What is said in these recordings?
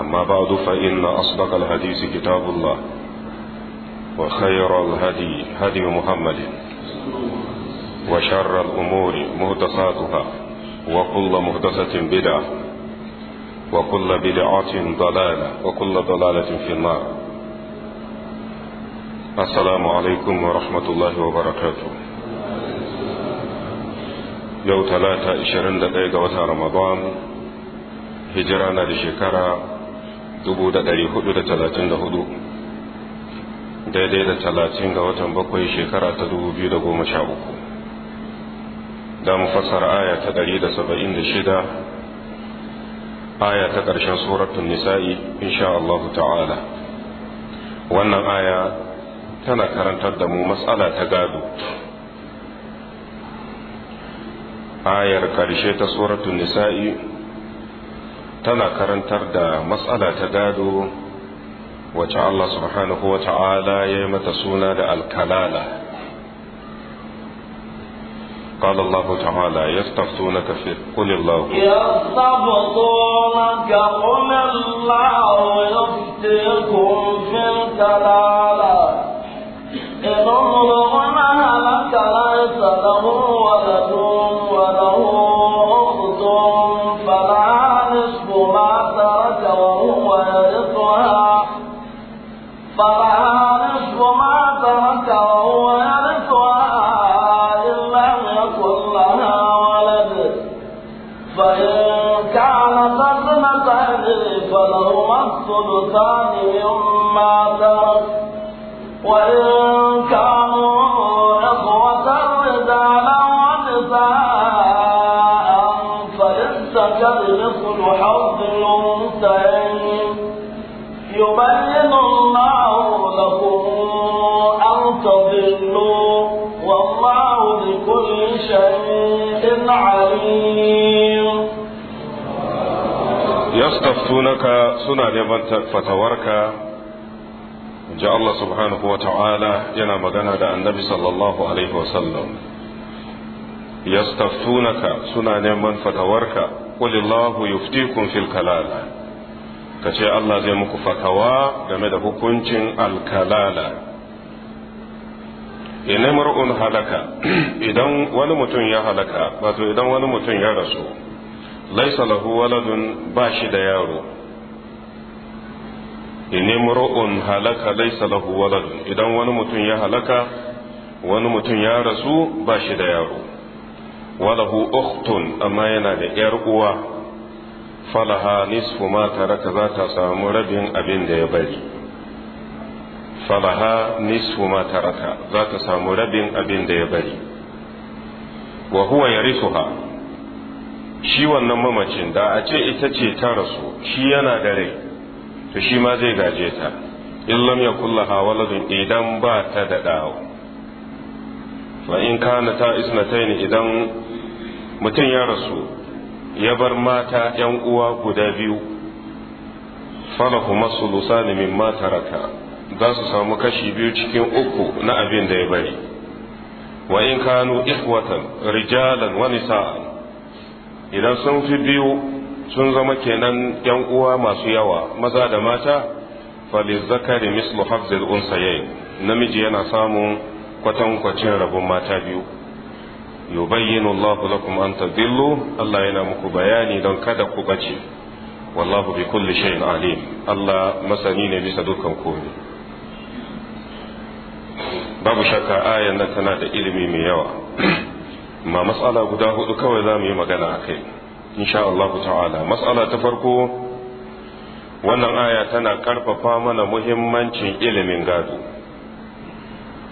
أما بعد فإن أصدق الحديث كتاب الله وخير الهدي هدي محمد وشر الأمور مهدساتها وكل مهدسة بدعة وكل بدعة ضلالة وكل ضلالة في النار السلام عليكم ورحمة الله وبركاته يوم ثلاثة إشرين دقيقة وتر رمضان هجرانا لشكرا Dubu da da da hudu talatin hudu daidai da talatin ga watan bakwai shekara ta dubu biyu da goma sha uku mu fassara aya ta da da saba'in shida aya ta ƙarshen suratun nisa'i insha Allah ta'ala wannan aya tana karantar da mu matsala ta gado ayar ƙarshe ta suratun nisa'i tana karantar da matsala ta gado wacce Allah subhanahu wa ta'ala ya yi mata suna da alkalala قال الله تعالى يستفتونك في قل الله يستفتونك قل الله يفتيكم في الكلام الثلثان مما ترك وإن yastaftunaka suna neman fatawarka ji Allah subhanahu wa ta'ala yana magana da annabi sallallahu alaihi wasallam yastaftunaka suna neman fatawarka qulillahu yuftikum fil kalala kace Allah zai muku fatawa game da hukuncin alkalala in mar'un halaka idan wani mutum ya halaka wato idan wani mutum ya rasu laisa lahu waladun ba shi da yaro ini mur'un halaka laisa lahu waladun idan wani mutum ya halaka wani mutum ya rasu ba shi da yaro walahu ukhtun amma yana da yar uwa falaha nisfu ma taraka za ta samu rabin abin da ya bari falaha nisfu ma taraka za ta samu rabin abin da ya bari wa huwa yarithuha shi wannan mamacin da a ce ita ce ta rasu shi yana da rai to shi ma zai gaje ta illam ya kulla waladun idan ba ta da ɗawo fa in kana ta isnataini idan mutum ya rasu ya bar mata yan uwa guda biyu falahu masulusani mata raka za su samu kashi biyu cikin uku na abin da ya bari wa in kanu ikwatan rijalan wa nisa'an idan sun fi biyu sun zama kenan yan uwa masu yawa maza da mata falizakari mislu hafzil unsayayin namiji yana samun kwacin rabon mata biyu yubayyinu Allahu lakum an tadillu Allah yana muku bayani don kada ku bace wallahu bi kulli shay'in alim Allah masani ne bisa dukkan komai babu shakka ayan nan tana da ilimi mai yawa ma matsala guda hudu kawai za mu yi magana a kai insha Allah ta'ala matsala ta farko wannan aya tana karfafa mana muhimmancin ilimin gado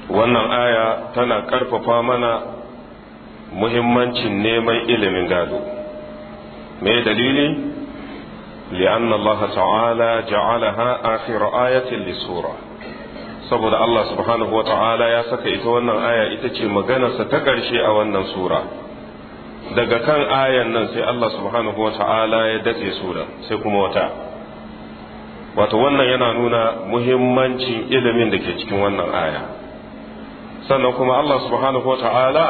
wannan aya tana karfafa mana muhimmancin neman ilimin gado me dalili li'anna Allah ta'ala ja'alaha akhir ayatin lisura saboda Allah subhanahu wa ta'ala ya saka ita wannan aya ita ce maganarsa ta ƙarshe a wannan sura daga kan ayan nan sai Allah subhanahu wa ta'ala ya datse sura sai kuma wata wato wannan yana nuna muhimmancin ilimin da ke cikin wannan aya sannan kuma Allah subhanahu wa ta'ala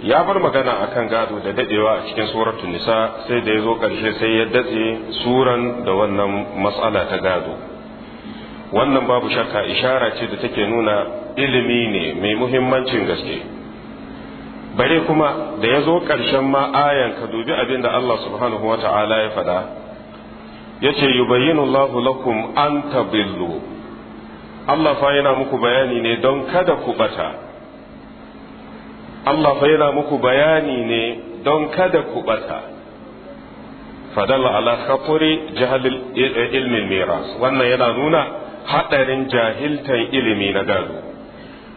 ya bar magana akan gado da dadewa a cikin suratul nisa sai da ya zo ƙarshe sai ya datse suran da wannan matsala ta gado wannan babu shakka ishara ce da take nuna ilimi ne mai muhimmancin gaske bare kuma da ya zo ƙarshen ma ayan ka dubi abin da Allah subhanahu wa ta'ala ya faɗa ya ce yubayyinu Allahu lakum an tabillu Allah fa yana muku bayani ne don kada ku bata Allah fa yana muku bayani ne don kada ku bata fadalla ala eh, eh, ilmin miras wannan yana nuna haɗarin jahiltan ilimi na gado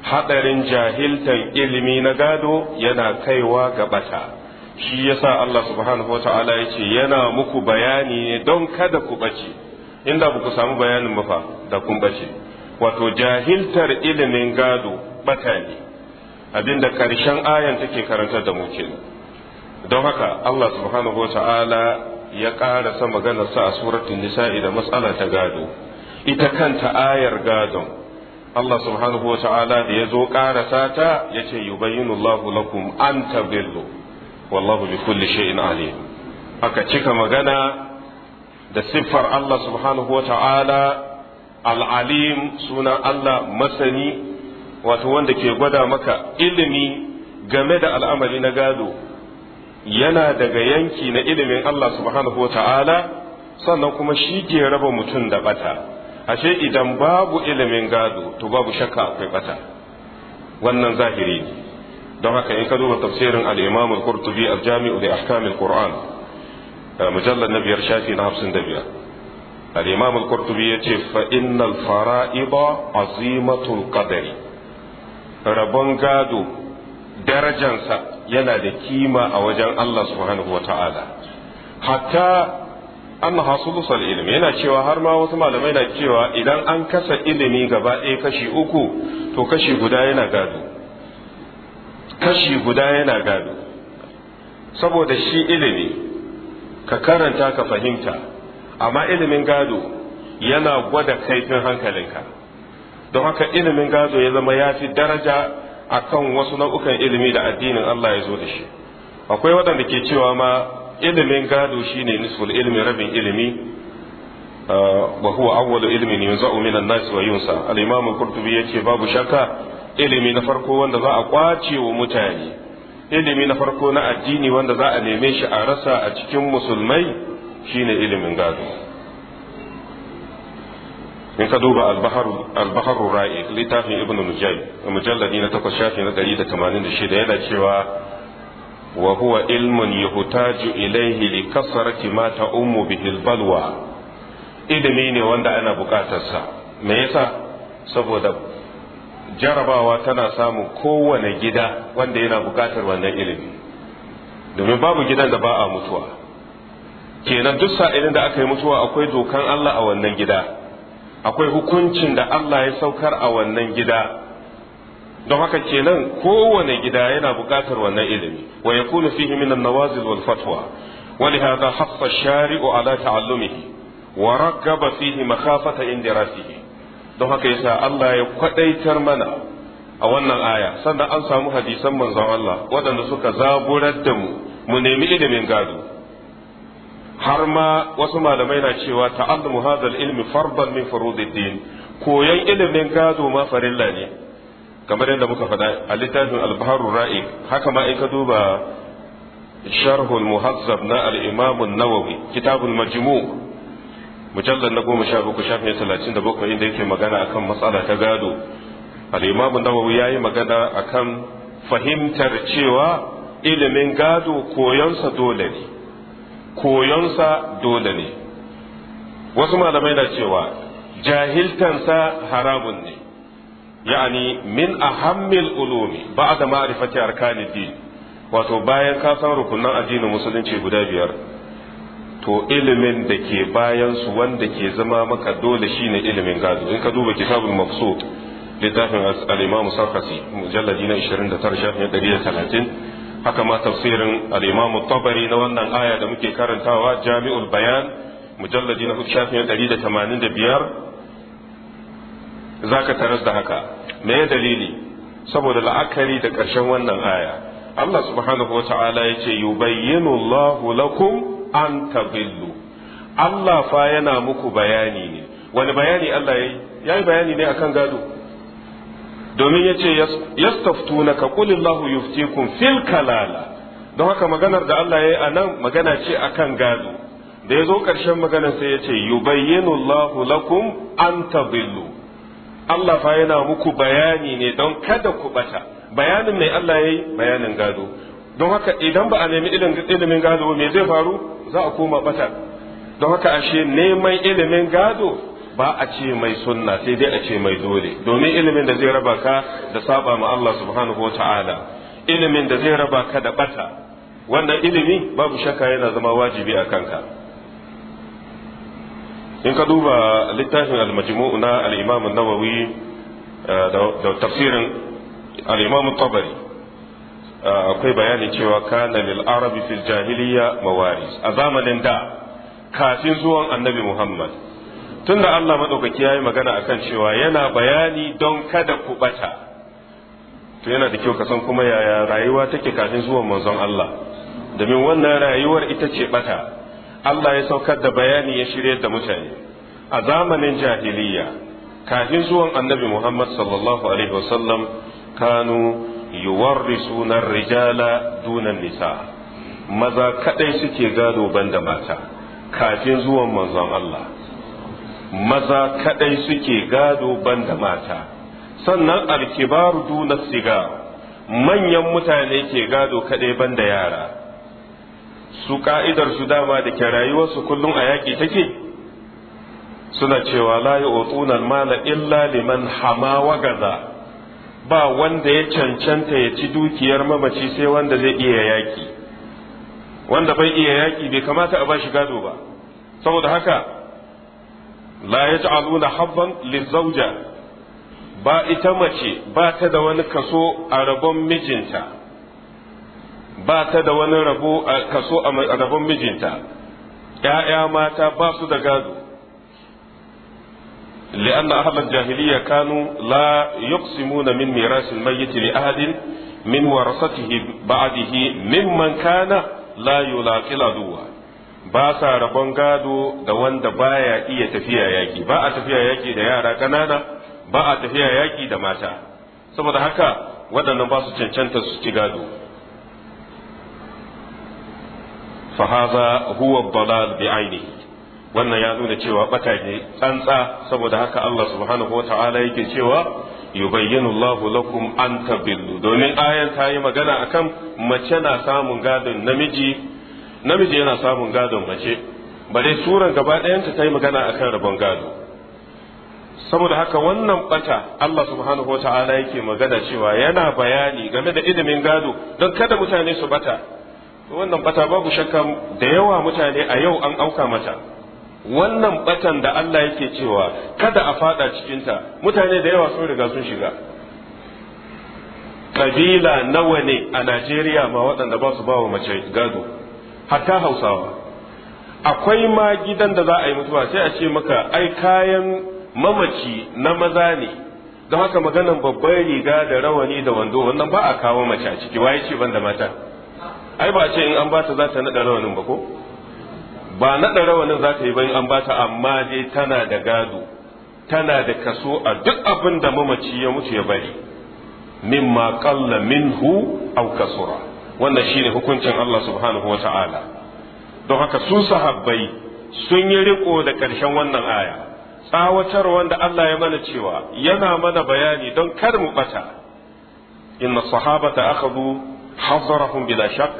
haɗarin jahiltan ilimi na gado yana kaiwa ga bata shi yasa Allah subhanahu wata'ala ya ce yana muku bayani ne don kada ku ɓace inda ba ku samu bayanin ba fa da kun ɓace wato jahiltar ilimin gado bata ne abinda ƙarshen ayan take karantar da mu kenan don haka Allah subhanahu wa ta'ala ya sa maganarsa a suratun nisa'i da matsala ta gado ita kanta ayar gadon Allah subhanahu wa ta'ala da ya zo ƙarasa ta ya ce yubayyinu Allahu lakum an tabillu wallahu bi kulli shay'in alim aka cika magana da siffar Allah subhanahu wa ta'ala al'alim sunan Allah masani wato wanda ke gwada maka ilimi game da al'amari na gado yana daga yanki na ilimin Allah subhanahu wa ta'ala sannan kuma shi ke raba mutum da bata ashe idan babu ilimin gado to babu shakka akwai bata wannan zahiri ne don haka in ka duba tafsirin al-imam al-qurtubi al-jami'u li ahkam al-qur'an eh, mujallad na biyar shafi na hamsin da biyar al-imam al-qurtubi ya ce fa innal fara'ida azimatul qadari rabon gado darajansa yana da kima a wajen Allah subhanahu wa ta'ala hatta An annaha sulusal ilmi yana cewa har ma wasu malamai na cewa idan an kasa ilimi gaba ɗaya kashi uku to kashi guda yana gado kashi guda yana gado saboda shi ilimi ka karanta ka fahimta amma ilimin gado yana gwada kaifin hankalinka don haka ilimin gado ya zama ya fi daraja akan wasu nau'ukan ilimi da addinin Allah ya zo da shi akwai waɗanda ke cewa ma ilimin gado shine nisful ilmi rabin ilimi uh, wa huwa awwalu ilmin yunza'u minan nas wa yunsa al-imam qurtubi yace babu shakka ilimi na farko wanda za a kwace wa mutane ilimi na farko na addini wanda za a neme shi a rasa a cikin musulmai shine ilimin gado in ka duba al-baharur ra'i littafin ibn mujalladi na takwas shafi na 186 yana cewa Wahuwa ilmin ilmun yuhtaju ilaihi li kasrati ma ta'ummu bihi ilimi ne wanda ana bukatarsa me yasa saboda jarabawa tana samun kowane gida wanda yana bukatar wannan ilimi domin babu gidan da ba mutuwa kenan duk sa'ilin da aka yi mutuwa akwai dokan Allah a wannan gida akwai hukuncin da Allah ya saukar a wannan gida don haka kenan kowane gida yana bukatar wannan ilimi wa ya fihi min an-nawazil wal fatwa ولهذا حث الشارع على تعلمه ورغب فيه مخافة اندراسه don haka yasa Allah ya kwadaitar mana a wannan aya sannan an samu hadisan manzon Allah waɗanda suka zaburar da mu mu nemi ilimin gado har ma wasu malamai na cewa ta'allumu hadha ilmi fardan min furudiddin koyan ilimin gado ma farilla ne kamar yadda muka faɗa a littafin albaharu ra'i haka ma in ka duba sharhul muhazzab na al nawawi kitabul majmu' mujallar na goma sha uku shafin talatin da bakwai inda yake magana akan matsala ta gado al nawawi ya yi yayi magana akan fahimtar cewa ilimin gado koyonsa dole ne koyonsa dole ne wasu malamai na cewa jahiltansa haramun ne yani min ahammil ulumi ba'da ma'rifati arkanid din wato bayan ka san rukunan addinin musulunci guda biyar to ilimin da ke bayan su wanda ke zama maka dole shine ilimin gado in ka duba kitabul mafsud littafin al-imam sarfasi mujalladi na 29 shafin 130 haka ma tafsirin al-imam tabari na wannan aya da muke karantawa jami'ul bayan mujalladi na 3 shafin 185 zaka taras da haka me dalili saboda la'akari da ƙarshen wannan aya Allah subhanahu wa ta'ala ya ce yubayyinu Allahu lakum an tadillu Allah fa yana muku bayani ne wani bayani Allah yayi yi bayani ne akan gado domin yace yastaftuna ka qulillahu yuftikum fil kalala don haka maganar da Allah ya a anan magana ce akan gado da ya zo ƙarshen maganar sai yace yubayyinu Allahu lakum an tadillu Allah fa yana muku bayani ne don kada ku bata bayanin mai Allah yayi bayanin gado don haka idan ba a nemi ilimin gado me zai faru za a koma bata don haka ashe neman ilimin gado ba a ce mai sunna sai dai a ce mai dole domin ilimin da zai raba ka da saba ma Allah subhanahu wataala ilimin da zai raba ka da bata wannan ilimi babu shakka yana zama wajibi a kanka in ka duba littafin al na al-imam nawawi eh, da tafsirin al-imam tabari eh, akwai bayani cewa kana lil arabi fil jahiliya mawaris a zamanin da kafin zuwan annabi muhammad tunda Allah ya yi magana akan cewa yana bayani don kada ku bata to yana da kyau ka san kuma yaya rayuwa take kafin zuwan manzon Allah domin wannan rayuwar ita ce ɓata. Allah ya saukar da bayani ya shirya da mutane a zamanin jahiliya kafin zuwan annabi Muhammad sallallahu alaihi wasallam kanu yuwarrisuna rijala dunan nisa maza kaɗai suke gado banda mata kafin zuwan manzon Allah maza kaɗai suke gado banda mata sannan alkibaru duna siga manyan mutane ke gado kaɗai banda yara su ka'idar su dama da ke rayuwarsu kullum a yaƙi take suna cewa la yu'tuna mala illa liman hama wa gaza ba wanda ya cancanta ya ci dukiyar mamaci sai wanda zai iya yaƙi wanda bai iya yaƙi bai kamata a bashi gado ba saboda haka la yaj'aluna habban lizawja ba ita mace ba ta da wani kaso a rabon mijinta ba ta da wani rabo a kaso a rabon mijinta ‘ya'ya mata ba su da gado li'anna ahlal jahiliya kanu la yuqsimuna min mirasil mayyit li ahadin min warasatihi ba'dihi mimman kana la yulaqila duwa ba sa rabon gado da wanda baya iya tafiya yaki ba a tafiya yaki da yara kanana ba a tafiya yaki da mata saboda haka waɗannan ba su cancanta su ci gado fa huwa dalal bi ainihi wannan ya nuna cewa bata ne tsantsa saboda haka Allah subhanahu wa ta'ala yake cewa yubayyinu Allahu lakum an tabillu domin ayan ta yi magana akan mace na samun gadon namiji namiji yana samun gadon mace bare suran gaba ɗayanta ta yi magana akan rabon gado saboda haka wannan bata Allah subhanahu wa ta'ala yake magana cewa yana bayani game da ilimin gado don kada mutane su bata wannan bata babu shakka da yawa mutane a yau an auka mata wannan batan da Allah yake cewa kada a fada cikinta mutane da yawa sun riga sun shiga kabila nawa ne a Najeriya ma waɗanda ba su bawa mace gado hatta Hausawa akwai ma gidan da za a yi mutuwa sai a ce maka ai kayan mamaci na maza ne don haka maganan babban riga da rawani da wando wannan ba a kawo mace a ciki waye ce ban da mata ai ba ce in an bata za ta naɗa rawanin ba ko ba naɗa rawanin za ta yi ba in an bata amma dai tana da gado tana da kaso a duk abin da mamaci ya mutu ya bari mimma qalla minhu aw kasura wannan shine hukuncin Allah subhanahu wa ta'ala don haka su sahabbai sun yi riko da ƙarshen wannan aya tsawatar wanda Allah ya mana cewa yana mana bayani don kar mu bata inna sahabata akhadhu hazzarahum bila shak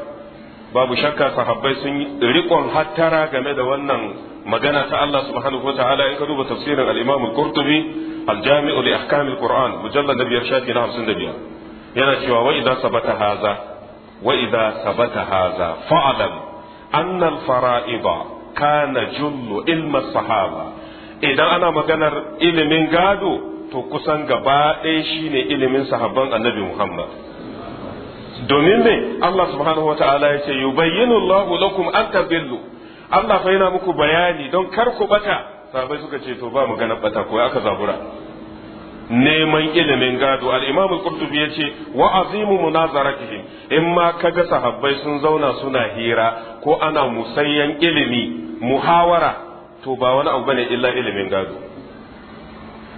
babu shakka sahabbai sun yi riƙon hattara game da wannan magana ta Allah subhanahu wa ta'ala in ka duba tafsirin al-Imam al-Qurtubi al-Jami'u li ahkam al-Qur'an mujallad na biyar shafi na 55 yana cewa wa idza sabata haza wa idza sabata haza fa'lam anna al-fara'ida kana jullu ilma sahaba idan ana maganar ilimin gado to kusan gaba ɗaya shine ilimin sahabban Annabi Muhammad domin me Allah subhanahu wa ta'ala ya ce yubayyinu Allahu lakum an tabillu Allah fa yana muku bayani don kar ku bata sabai suka ce to ba magana bata ko aka zabura neman ilimin gado al-Imam al-Qurtubi yace wa azimu munazaratihim in ma kaga sahabbai sun zauna suna hira ko ana musayyan ilimi muhawara to ba wani abu bane illa ilimin gado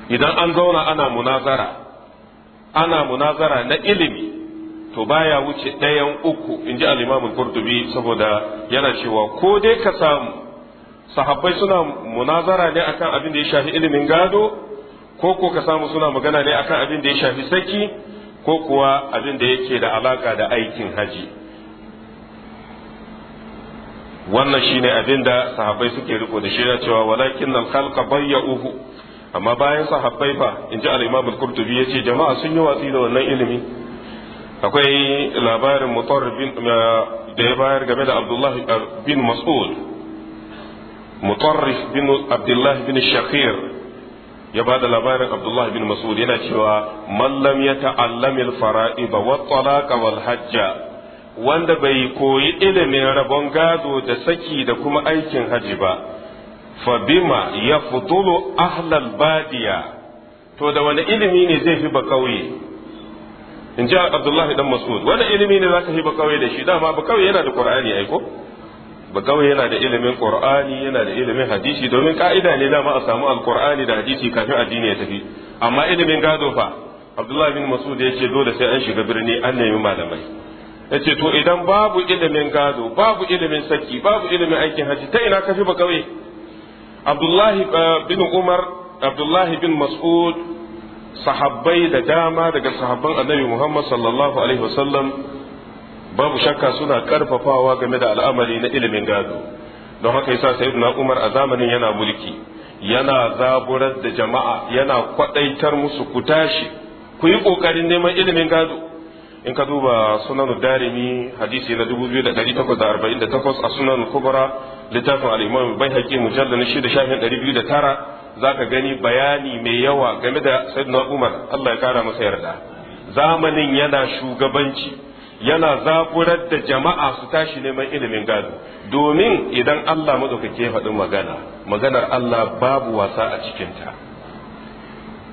idan an zauna ana munazara ana munazara na ilimi to baya wuce ɗayan uku in ji al'imamin kurdubi saboda yana cewa ko dai ka samu sahabbai suna munazara ne akan abin da ya shafi ilimin gado ko ko ka samu suna magana ne akan abin da ya shafi saki ko kuwa abin da yake da alaka da aikin haji wannan shine abin da sahabbai suke riko da shi na cewa walakin al khalqa bayya'uhu amma bayan sahabbai fa in ji al-imam al-qurtubi yace jama'a sun yi watsi da wannan ilimi akwai labarin mutar uh, da ya bayar game da abdullahi uh, bin mas'ud mutarrif bin abdullahi bin shakir ya ba da labarin abdullahi bin mas'ud yana cewa mallam ya ta'allamil fara'iba wa talaqa wal hajja wanda bai koyi ilimin rabon gado da saki da kuma aikin haji ba fa bima ya fudulu ahlal badiya to da wani ilimi ne zai fi ba kauye in ji abdullahi dan mas'ud wannan ilimi ne ka yi ba kawai da shi dama ba kawai yana da qur'ani ai ko ba kawai yana da ilimin qur'ani yana da ilimin hadisi domin ka'ida ne dama a samu alqur'ani da hadisi kafin addini ya tafi amma ilimin gado fa abdullahi bin mas'ud ya ce dole sai an shiga birni an nemi malamai ya ce to idan babu ilimin gado babu ilimin saki babu ilimin aikin haji ta ina kafi ba kawai abdullahi eh, bin umar abdullahi bin mas'ud sahabbai da dama daga sahabban annabi Muhammad sallallahu alaihi wasallam babu shakka suna karfafawa game da al'amari na ilimin gado don haka yasa na Umar a zamanin yana mulki yana zaburar da jama'a yana kwadaitar musu ku tashi ku yi kokarin neman ilimin gado in ka duba sunan darimi hadisi na 2848 a sunan kubra littafin al-imam bai haƙi mujallal 6 shafin 209 Za ka gani bayani mai yawa game da sayyidina Umar Allah ya kara masa yarda zamanin yana shugabanci yana zaburar da jama'a su tashi neman ilimin gado domin idan Allah madaukake faɗi magana maganar Allah babu wasa a cikinta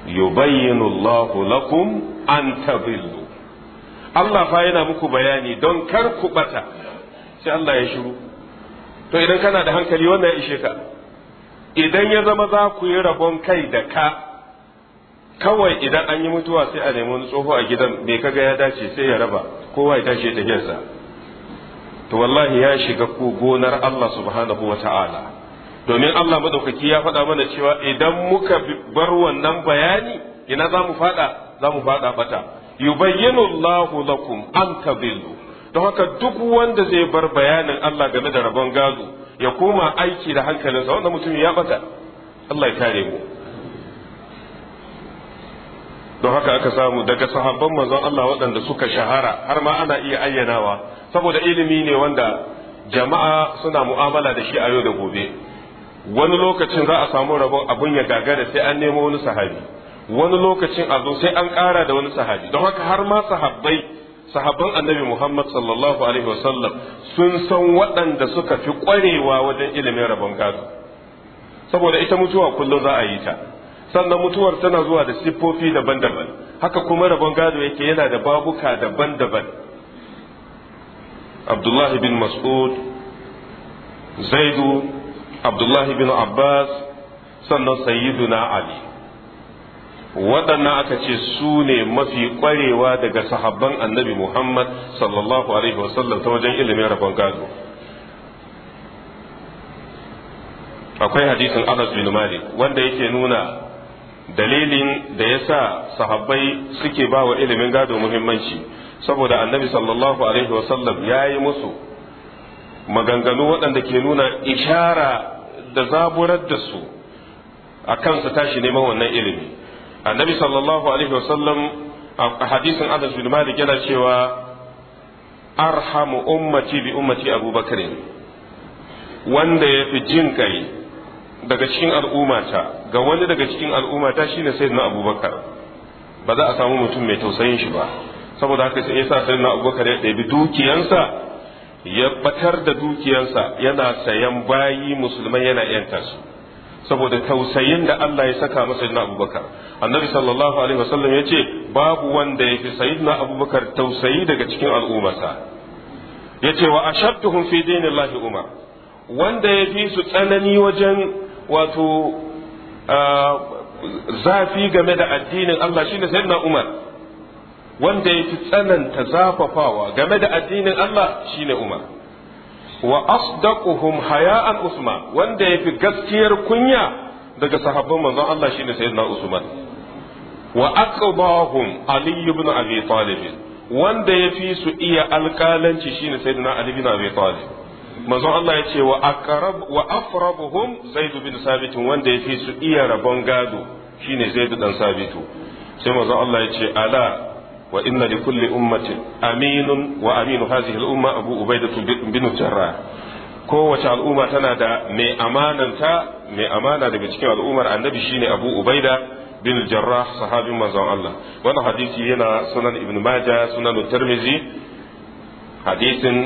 yubayyinu Allahu lakum an tabillu Allah fa yana muku bayani don kar ku bata sai Allah ya shiru to idan kana da hankali wannan ya ishe ka idan ya zama za ku yi rabon kai da ka kawai idan an yi mutuwa sai a nemi wani tsoho a gidan bai kaga ya dace sai ya raba kowa ya tashi da gensa to wallahi ya shiga ko gonar Allah subhanahu wa ta'ala domin Allah madaukaki ya faɗa mana cewa idan muka bar wannan bayani ina za mu faɗa za mu faɗa bata yubayyinu Allahu lakum an tabillu don haka duk wanda zai bar bayanin Allah game da rabon gado ya koma aiki da hankalinsa wanda mutum ya bata Allah ya kare mu don haka aka samu daga sahabban manzon Allah waɗanda suka shahara har ma ana iya ayyanawa saboda ilimi ne wanda jama'a suna mu'amala da shi a yau da gobe wani lokacin za a samu rabon abun ya gagara sai an nemo wani sahabi wani lokacin a zo sai an ƙara da wani sahabi don haka har ma sahabbai sahabban annabi Muhammad sallallahu alaihi wasallam sun san waɗanda suka fi ƙwarewa wajen ilimin rabon gado saboda ita mutuwa kullum za a yi ta sannan mutuwar tana zuwa da siffofi daban-daban haka kuma rabon gado yake yana da babuka daban-daban Abdullahi bin Mas'ud Zaidu Abdullahi bin Abbas sannan Sayyiduna Ali waɗannan aka ce su ne mafi ƙwarewa daga sahabban annabi Muhammad sallallahu Alaihi wasallam ta wajen ilimin rabon gado. Akwai hadisin Anas bin Malik wanda yake nuna dalilin da ya sa sahabbai suke ba wa ilimin gado muhimmanci saboda annabi sallallahu Alaihi wasallam ya yi musu maganganu waɗanda ke nuna ishara da zaburar da su a kansu tashi neman wannan ilimi. annabi sallallahu alaihi wasallam a hadisin anas bin malik yana cewa arhamu ummati bi ummati abubakar wanda ya fi jin kai daga cikin al'ummata ga wani daga cikin al'ummata shine sayyidina abubakar ba za a samu mutum mai tausayin shi ba saboda haka sai yasa sayyidina abubakar ya bi dukiyansa ya batar da dukiyansa yana sayan bayi musulmai yana yanta su saboda tausayin da Allah ya saka masa sayyidina abubakar annabi sallallahu alaihi wasallam ya ce babu wanda ya fi sayyidina abubakar tausayi daga cikin al'ummarsa ya ce wa ashadduhum fi dinillahi umar wanda ya fi su tsanani wajen wato zafi game da addinin Allah shine sayyidina umar wanda ya fi tsananta zafafawa game da addinin Allah shine umar wa asdaquhum haya'an usman wanda yafi gaskiyar kunya daga sahabban manzon Allah shine sayyidina usman wa aqbahum ali ibn abi talib wanda yafi su iya alƙalanci shine sayyidina ali ibn abi talib manzon Allah ya ce wa aqrab wa afrabuhum zaid bin sabit wanda yafi su iya rabon gado shine zaid dan sabitu sai manzon Allah ya ce ala وإن لكل أمة أمين وأمين هذه الأمة أبو أبيدة بن الجراح kowace al'umma tana da mai amananta mai amana daga cikin al'ummar annabi shine abu ubaida bin jarrah sahabin manzon Allah wannan hadisi yana sunan ibn majah sunan tirmizi hadisin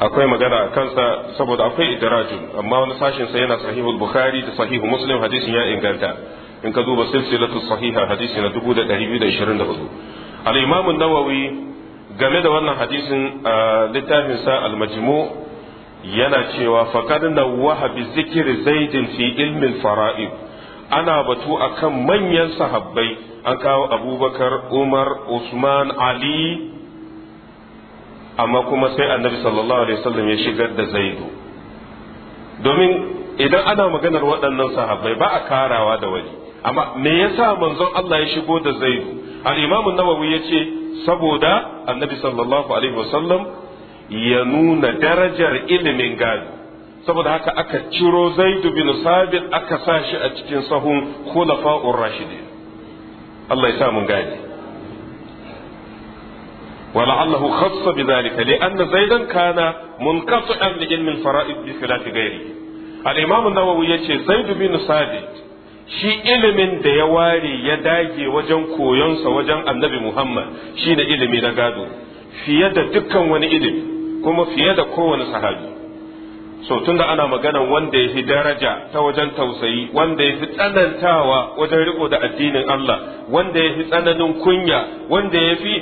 akwai magana a kansa saboda akwai idrajun amma wani sashin sa yana sahihul bukhari da sahihu muslim hadisin ya inganta in ka duba silsilatu sahiha hadisi na 2224 al-imam nawawi game da wannan hadisin littafin sa al-majmu yana cewa faqad nawaha bi zikri zaidin fi ilmi al-fara'id ana batu akan manyan sahabbai an kawo abubakar umar usman ali amma kuma sai annabi sallallahu alaihi wasallam ya shigar da zaidu domin idan ana maganar waɗannan sahabbai ba a karawa da wani amma me yasa manzon Allah ya shigo da zaidu al-imam an-nawawi yace saboda annabi sallallahu alaihi wasallam ya nuna darajar ilimin gado saboda haka aka ciro zaidu bin sabit aka sa shi a cikin sahun khulafa'ur rashidin Allah ya sa mun gane ولعله خص بذلك لأن زيدا كان منقطعا لعلم الفرائض بخلاف غيره الإمام النووي يقول زيد بن ثابت shi ilimin da ya ware ya dage wajen koyonsa wajen annabi Muhammad shi ne ilimi na gado fiye da dukkan wani ilimi kuma fiye da kowane sahabi so tunda ana maganan wanda ya fi daraja ta wajen tausayi wanda ya fi tsanantawa wajen riko da addinin Allah wanda ya fi tsananin kunya wanda ya fi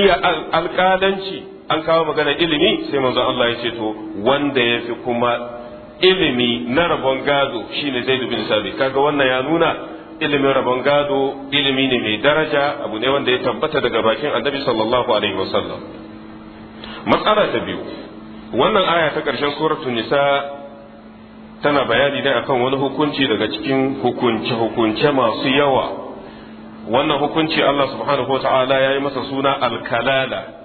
iya alkalanci an kawo maganar ilimi sai manzo Allah ya ce to wanda ya fi kuma ilimi na rabon gado shine zaid bin sabit kaga wannan ya nuna ilimin rabon gado ilimi ne mai daraja abu ne wanda ya tabbata daga bakin annabi sallallahu alaihi wasallam matsala ta biyu wannan aya ta karshen suratul nisa tana bayani ne akan wani hukunci daga cikin hukunce hukunce masu yawa wannan hukunci Allah subhanahu wa ta'ala ya yi masa suna alkalala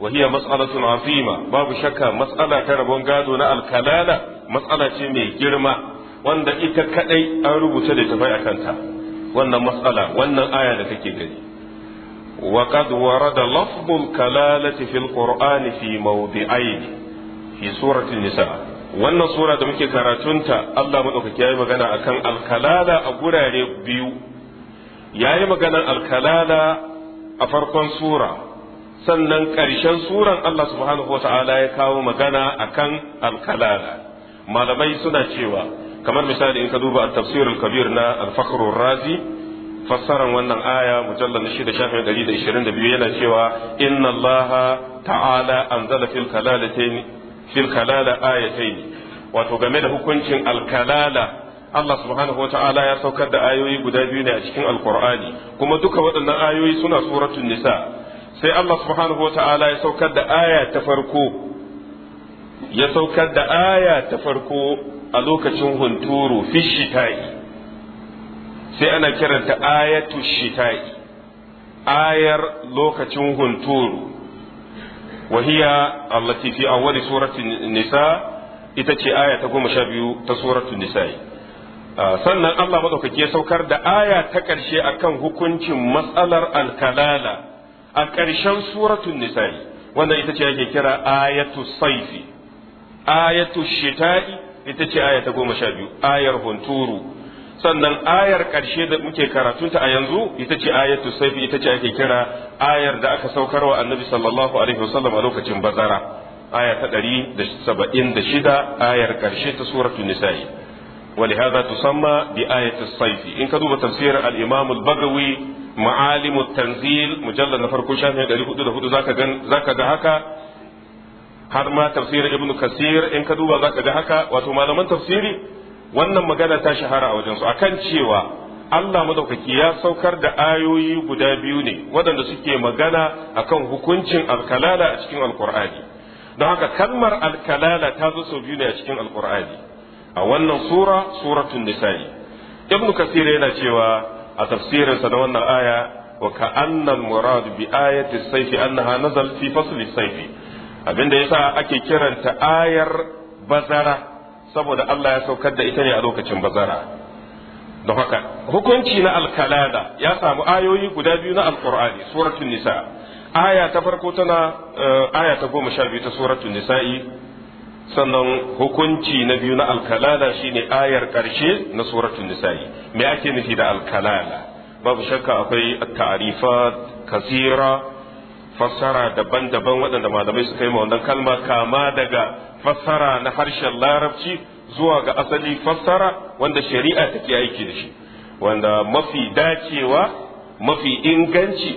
wa hiya mas'alatun azima babu shakka matsala ta rabon gado na alkalala matsala ce mai girma wanda ita kadai an rubuta da tafai akan ta wannan mas'ala wannan aya da kake gani wa qad warada lafdul kalalati fil qur'ani fi mawdi'ain fi surati nisa wannan sura da muke karatunta Allah madaukaki yayi magana akan alkalala a gurare biyu yayi maganar alkalala a farkon sura sannan ƙarshen suran Allah subhanahu wa ta'ala ya kawo magana akan alkalala malamai suna cewa kamar misali in ka duba tafsir kabir na al-fakhr razi fassaran wannan aya mujallal na shida shafin ɗari da ishirin da biyu yana cewa inna allaha ta'ala anzala fil kalalatain fil kalala ayatain wato game da hukuncin alkalala Allah subhanahu wa ta'ala ya saukar da ayoyi guda biyu ne a cikin alkur'ani kuma duka waɗannan ayoyi suna suratul nisa sai Allah subhanahu wa ta'ala ya saukar da aya ta farko ya saukar da aya ta farko a lokacin hunturu fi sai ana kiranta ayatu shita'i ayar lokacin hunturu وهي التي wani أول nisa ita itace aya ta goma sha biyu ta suratul nisa'i ah, sannan Allah maɗaukaki ya saukar da aya ta ƙarshe akan hukuncin matsalar alkalala a ƙarshen suratun nisa'i wannan ita ce ake kira ayatu saifi ayatu shita'i ita ce aya ta goma sha biyu ayar hunturu sannan ayar ƙarshe da muke karatunta a yanzu ita ce ayatu saifi ita ce ake kira ayar da aka saukarwa annabi sallallahu alaihi wasallam a lokacin bazara aya ta ɗari da saba'in da shida ayar ƙarshe ta suratun nisa'i ولهذا تسمى بآية الصيف إن كتب تفسير الإمام البغوي ma'alimu tanzil mujallar na farko shafin 404 zaka ga zaka ga haka har ma tafsirin ibnu kasir in ka duba zaka ga haka wato malaman tafsiri wannan magana ta shahara a wajen su akan cewa Allah madaukaki ya saukar da ayoyi guda biyu ne waɗanda suke magana akan hukuncin alkalala a cikin alkur'ani don haka kalmar alkalala ta zo sau biyu ne a cikin alkur'ani a wannan sura suratun nisa'i ibnu kasir yana cewa a tafsirinsa na wannan aya wa ka'anna murad bi ayati saifi annaha nazal fi fasli sayfi abinda yasa ake kiranta ayar bazara saboda Allah ya saukar da ita ne a lokacin bazara don haka hukunci na alkalada ya samu ayoyi guda biyu na alqur'ani suratul nisa aya ta farko tana eh, aya ta goma sha biyu ta suratul nisa'i sannan hukunci na biyu na alkalala shine ayar karshe na suratul nisa'i me ake nufi da alkalala babu shakka akwai ta'rifat kasira fassara daban-daban waɗanda malamai suka yi wannan kalma kama daga fassara na harshen larabci zuwa ga asali fassara wanda shari'a take aiki da shi wanda mafi dacewa mafi inganci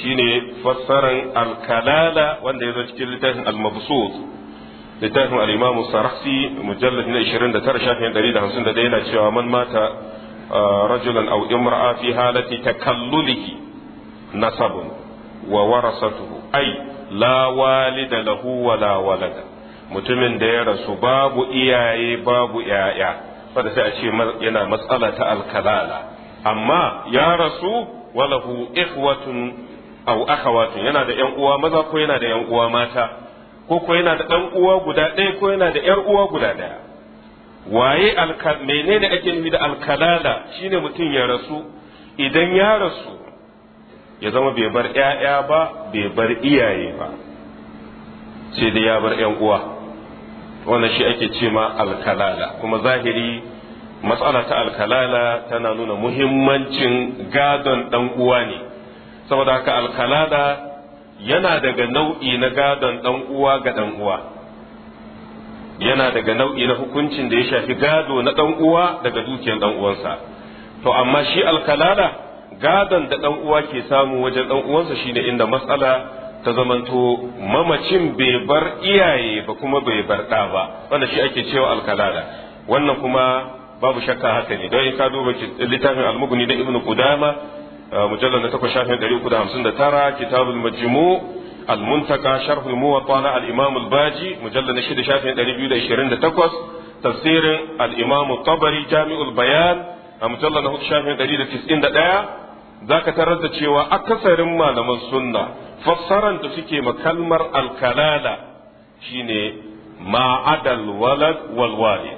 shine fassaran alkalala wanda ya zo cikin littafin al-mabsut littafin al-imam sarahsi mujallad na 29 shafin 151 yana cewa man mata rajulan au imra'a fi halati takallulihi nasabun wa warasatuhu ai la walida lahu wa la walada mutumin da ya rasu babu iyaye babu yaya wanda sai a ce yana matsala ta alkalala amma ya rasu walahu ikhwatun aw akhawatun yana da yan uwa maza ko yana da yan uwa mata ko ko yana da ɗan uwa guda ɗaya ko yana da ‘yar uwa guda ɗaya waye menene ake nufi da alkalala shine mutum ya rasu idan ya rasu ya zama bai bar ‘ya'ya ba bai bar iyaye ba sai dai ya bar ‘yan uwa wannan shi ake ce ma alkalala kuma zahiri matsala ta alkalala tana nuna muhimmancin gadon ɗan uwa ne saboda haka alkalala yana daga nau'i na gadon dan uwa ga dan uwa yana daga nau'i na hukuncin da ya shafi gado na dan uwa daga dukiyar dan uwansa to amma shi alkalala gadon da dan uwa ke samu wajen dan uwansa shine inda matsala ta zamanto mamacin bai bar iyaye ba kuma bai bar ɗa ba wanda shi ake cewa alkalala wannan kuma babu shakka haka ne don in ka duba littafin almuguni da ibnu qudama mujallar na takwas shafin ɗari uku da hamsin da tara kitabul majmu almuntaka muntaka sharhul muwatta na baji mujallar na shida shafin ɗari biyu da ishirin da takwas tafsirin al-imam jami'ul bayan a mujallar na hudu shafin ɗari da tis'in da ɗaya za ka tarar da cewa akasarin malaman sunna fassaran da suke makalmar alkalala shine ma'adal walwali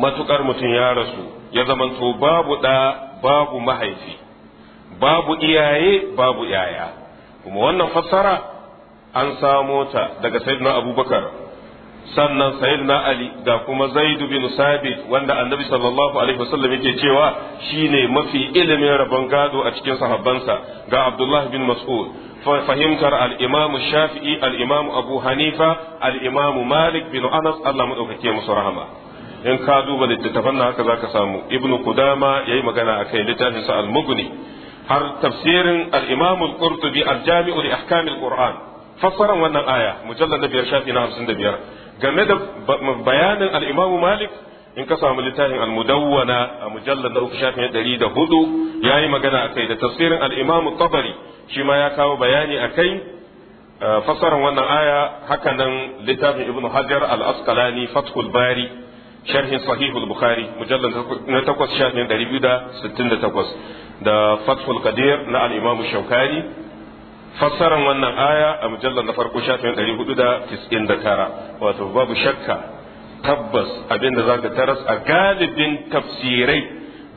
matuƙar mutum ya rasu ya zamanto babu ɗa babu mahaifi babu iyaye babu yaya kuma wannan fassara an samo ta daga sayyidina abubakar sannan sayyidina ali da kuma zaidu bin sabit wanda annabi sallallahu alaihi wasallam yake cewa shine mafi ilimin rabon gado a cikin sahabbansa ga abdullahi bin mas'ud fahimtar al-imam shafi'i al-imam abu hanifa al-imam malik bin anas Allah madaukake musu rahama in ka duba littattafan haka zaka samu ibnu kudama yayi magana akai littafinsa sa al-mughni har tafsirin al-Imam al-Qurtubi al-Jami'u li ahkam al-Qur'an fassaran wannan aya mujallar na biyar shafi na hamsin da biyar game da bayanin al Malik in ka samu littafin al-Mudawwana a mujallar na uku shafi na ɗari da hudu ya yi magana a kai da tafsirin al-Imam Tabari shi ma ya kawo bayani a kai. Fassara wannan aya hakanan littafin Ibn Hajar al-Asqalani Fathul Bari sharhin sahihul bukhari mujallar na takwas shafin ɗari biyu da sittin da takwas da fathul qadir na al-imam shaukani fassaran wannan aya a mujallar na farko shafin 499 wato babu shakka tabbas abinda za ka taras a galibin tafsirai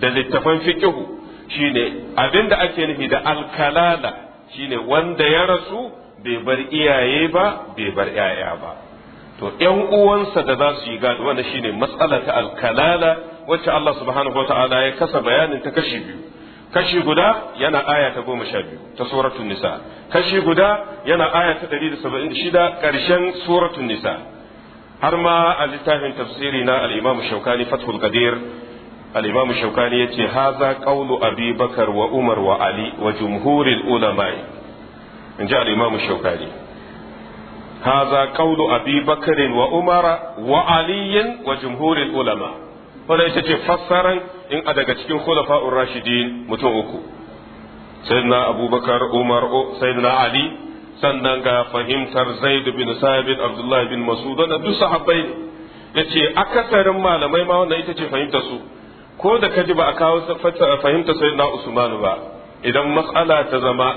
da littafan fikihu shine abinda ake nufi da alkalala shine wanda ya rasu bai bar iyaye ba bai bar yaya ba to ƴan uwansa da za su yi gado wanda shine matsala ta alkalala wacce Allah subhanahu wa ya kasa bayanin ta kashi biyu kashi guda yana aya ta goma sha biyu ta suratun nisa kashi guda yana aya ta ɗari da saba'in da shida ƙarshen suratun nisa har ma a littafin tafsiri na al'imamu shaukani fathul qadir al'imamu shaukani ya ce haza ƙaunu abi bakar wa umar wa ali wa jumhurin ulama'i in ji al'imamu shaukani haza ƙaunu abi bakarin wa umara wa aliyin wa jumhurin ulama wanda ita ce fassaran in a daga cikin khulafa'ur rashidin mutum uku sayyidina abubakar umar sayyidina ali sannan ga fahimtar zaid bin sabit abdullah bin masud da duk sahabbai yace akasarin malamai ma wannan ita ce fahimtar su ko da kaji ba a kawo fahimtar sayyidina usman ba idan mas'ala ta zama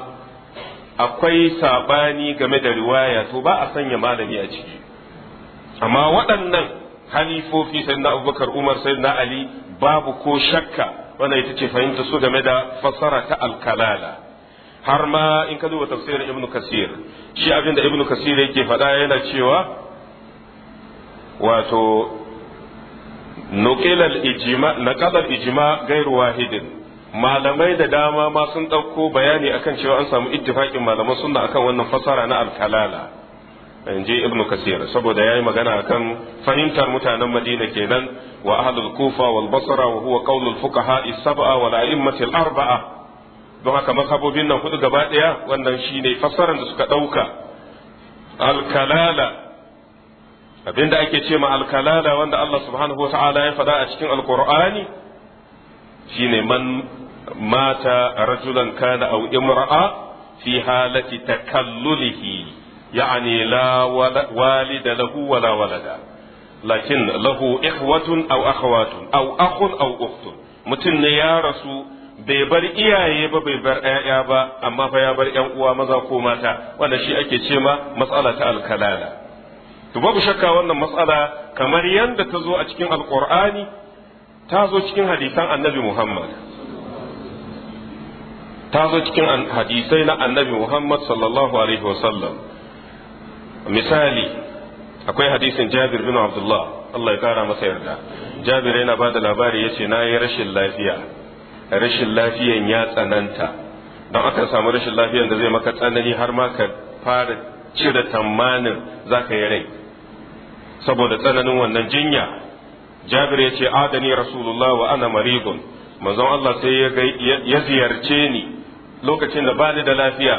akwai sabani game da riwaya to ba a sanya malami a ciki amma waɗannan halifofi sayyidina abubakar umar sayyidina ali babu ko shakka wanda ita ce fahimta su game da fasara ta alkalala har ma in ka duba tafsirin ibnu kasir shi abin da ibnu kasir yake faɗa yana cewa wato نقل Ijima نقل Ijima غير Wahidin, malamai da dama ma sun ɗauko bayani akan cewa an samu ittifaqin malaman sunna akan wannan fasara na alkalala in ibnu kasir saboda ya yi magana akan fahimtar mutanen madina kenan وأهل الكوفة والبصرة وهو قول الفقهاء السبعة والأئمة الأربعة don haka mazhabobin nan hudu gaba ɗaya wannan ne fassarar da suka ɗauka alkalala abinda ake ce ma alkalala wanda Allah subhanahu wa ta'ala ya faɗa a cikin alkur'ani shine man mata rajulan kana au imra'a fi halati takallulihi ya'ani la walida lahu wala walada lakin lahu ikhwatun aw akhawatun aw akhun aw ukhtun mutum ne ya rasu bai bar iyaye ba bai bar ƴaƴa ba amma fa ya bar ƴan uwa maza ko mata wanda shi ake ce ma matsala ta alkalala to babu shakka wannan matsala kamar yadda ta zo a cikin alqur'ani ta zo cikin hadisan annabi muhammad ta zo cikin hadisai na annabi muhammad sallallahu alaihi wasallam misali akwai hadisin jabir bin abdullah Allah ya kara masa yarda jabir yana ba da labari ya ce na yi rashin lafiya rashin lafiyan ya tsananta don aka samu rashin lafiyan da zai maka tsanani har ma ka fara cire tamanin za ka yi rai saboda tsananin wannan jinya jabir ya ce adani rasulullah wa ana maridun manzon Allah sai ya ziyarce ni lokacin da bani da lafiya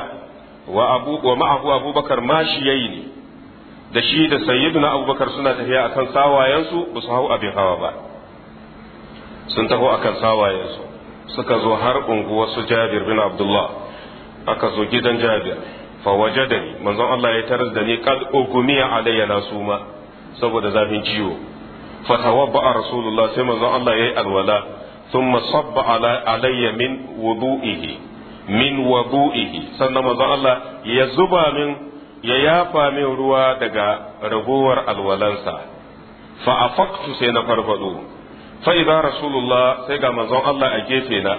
wa abu wa ma abubakar mashi yayi ne da shi da sayyiduna abubakar suna tafiya akan sawayensu ba su hau abin hawa ba sun taho akan sawayensu suka zo har unguwar su jabir bin abdullah aka zo gidan jabir fa ni manzon Allah ya tarar da ni kad ugumiya alayya saboda zafin ciwo ba a rasulullah sai manzon Allah yi alwala sun sabba alayya min wudu'ihi min wudu'ihi sannan manzon Allah ya zuba min ya yafa min ruwa daga ragowar alwalansa fa afaqtu sai na farfado fa idza rasulullah sai ga manzon Allah a gefe na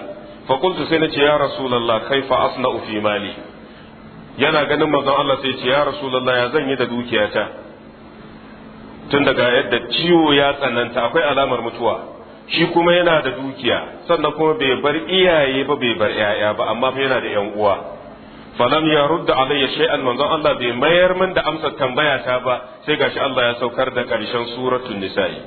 fa qultu sai ce ya rasulullah kaifa asna'u fi mali yana ganin manzon Allah sai ce ya rasulullah ya zan yi da dukiyata tun daga yadda ciwo ya tsananta akwai alamar mutuwa shi kuma yana da dukiya sannan kuma bai bar iyaye ba bai bar 'ya'ya ba amma fa yana da 'yan uwa falam ya rudda alayya shay'an manzon Allah bai mayar min da amsa tambayata ba sai gashi Allah ya saukar da karshen suratul nisa'i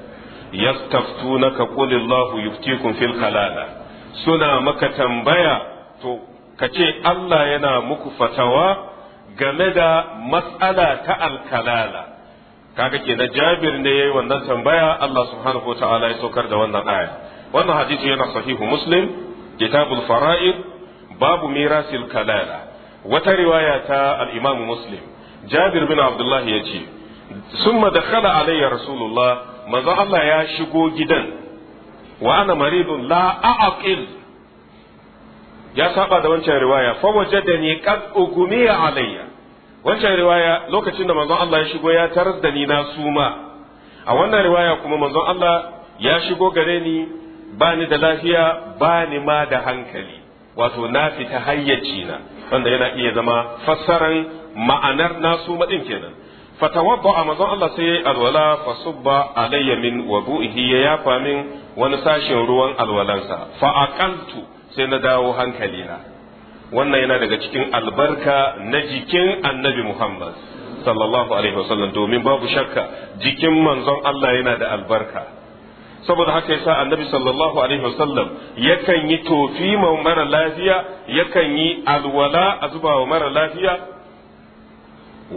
yastaftunaka qul Allahu yuftikum fil kalala suna maka tambaya to kace Allah yana muku fatawa game da mas'ala ta alkalala kaga kenan Jabir ne yayi wannan tambaya Allah subhanahu wataala ya saukar da wannan aya wannan hadisi yana sahihu Muslim kitabul fara'id babu mirasil kalala wata riwaya ta al'imamu Muslim Jabir bin Abdullahi ya ce summa dakhala alayya Rasulullah manzo Allah ya shigo gidan wa ana maridun la ya saba da wancan riwaya fa wajadani qad ugumiya alayya wancan riwaya lokacin da manzon Allah ya shigo ya tarar da ni na suma a wannan riwaya kuma manzon Allah ya shigo gare ni ba ni da lafiya ba ni ma da hankali wato na fita hayyaci na wanda yana iya zama fassaran ma'anar nasu maɗin kenan fatawadda a manzon Allah sai yi alwala fa alayya min wudu'ihi ya yafa min wani sashin ruwan alwalansa fa aqaltu sai na dawo hankali na wannan yana daga cikin albarka na jikin annabi Muhammad sallallahu alaihi wasallam domin babu shakka jikin manzon Allah yana da albarka saboda haka yasa annabi sallallahu alaihi wasallam yakan yi tofi ma mara lafiya yakan yi alwala a zuba wa mara lafiya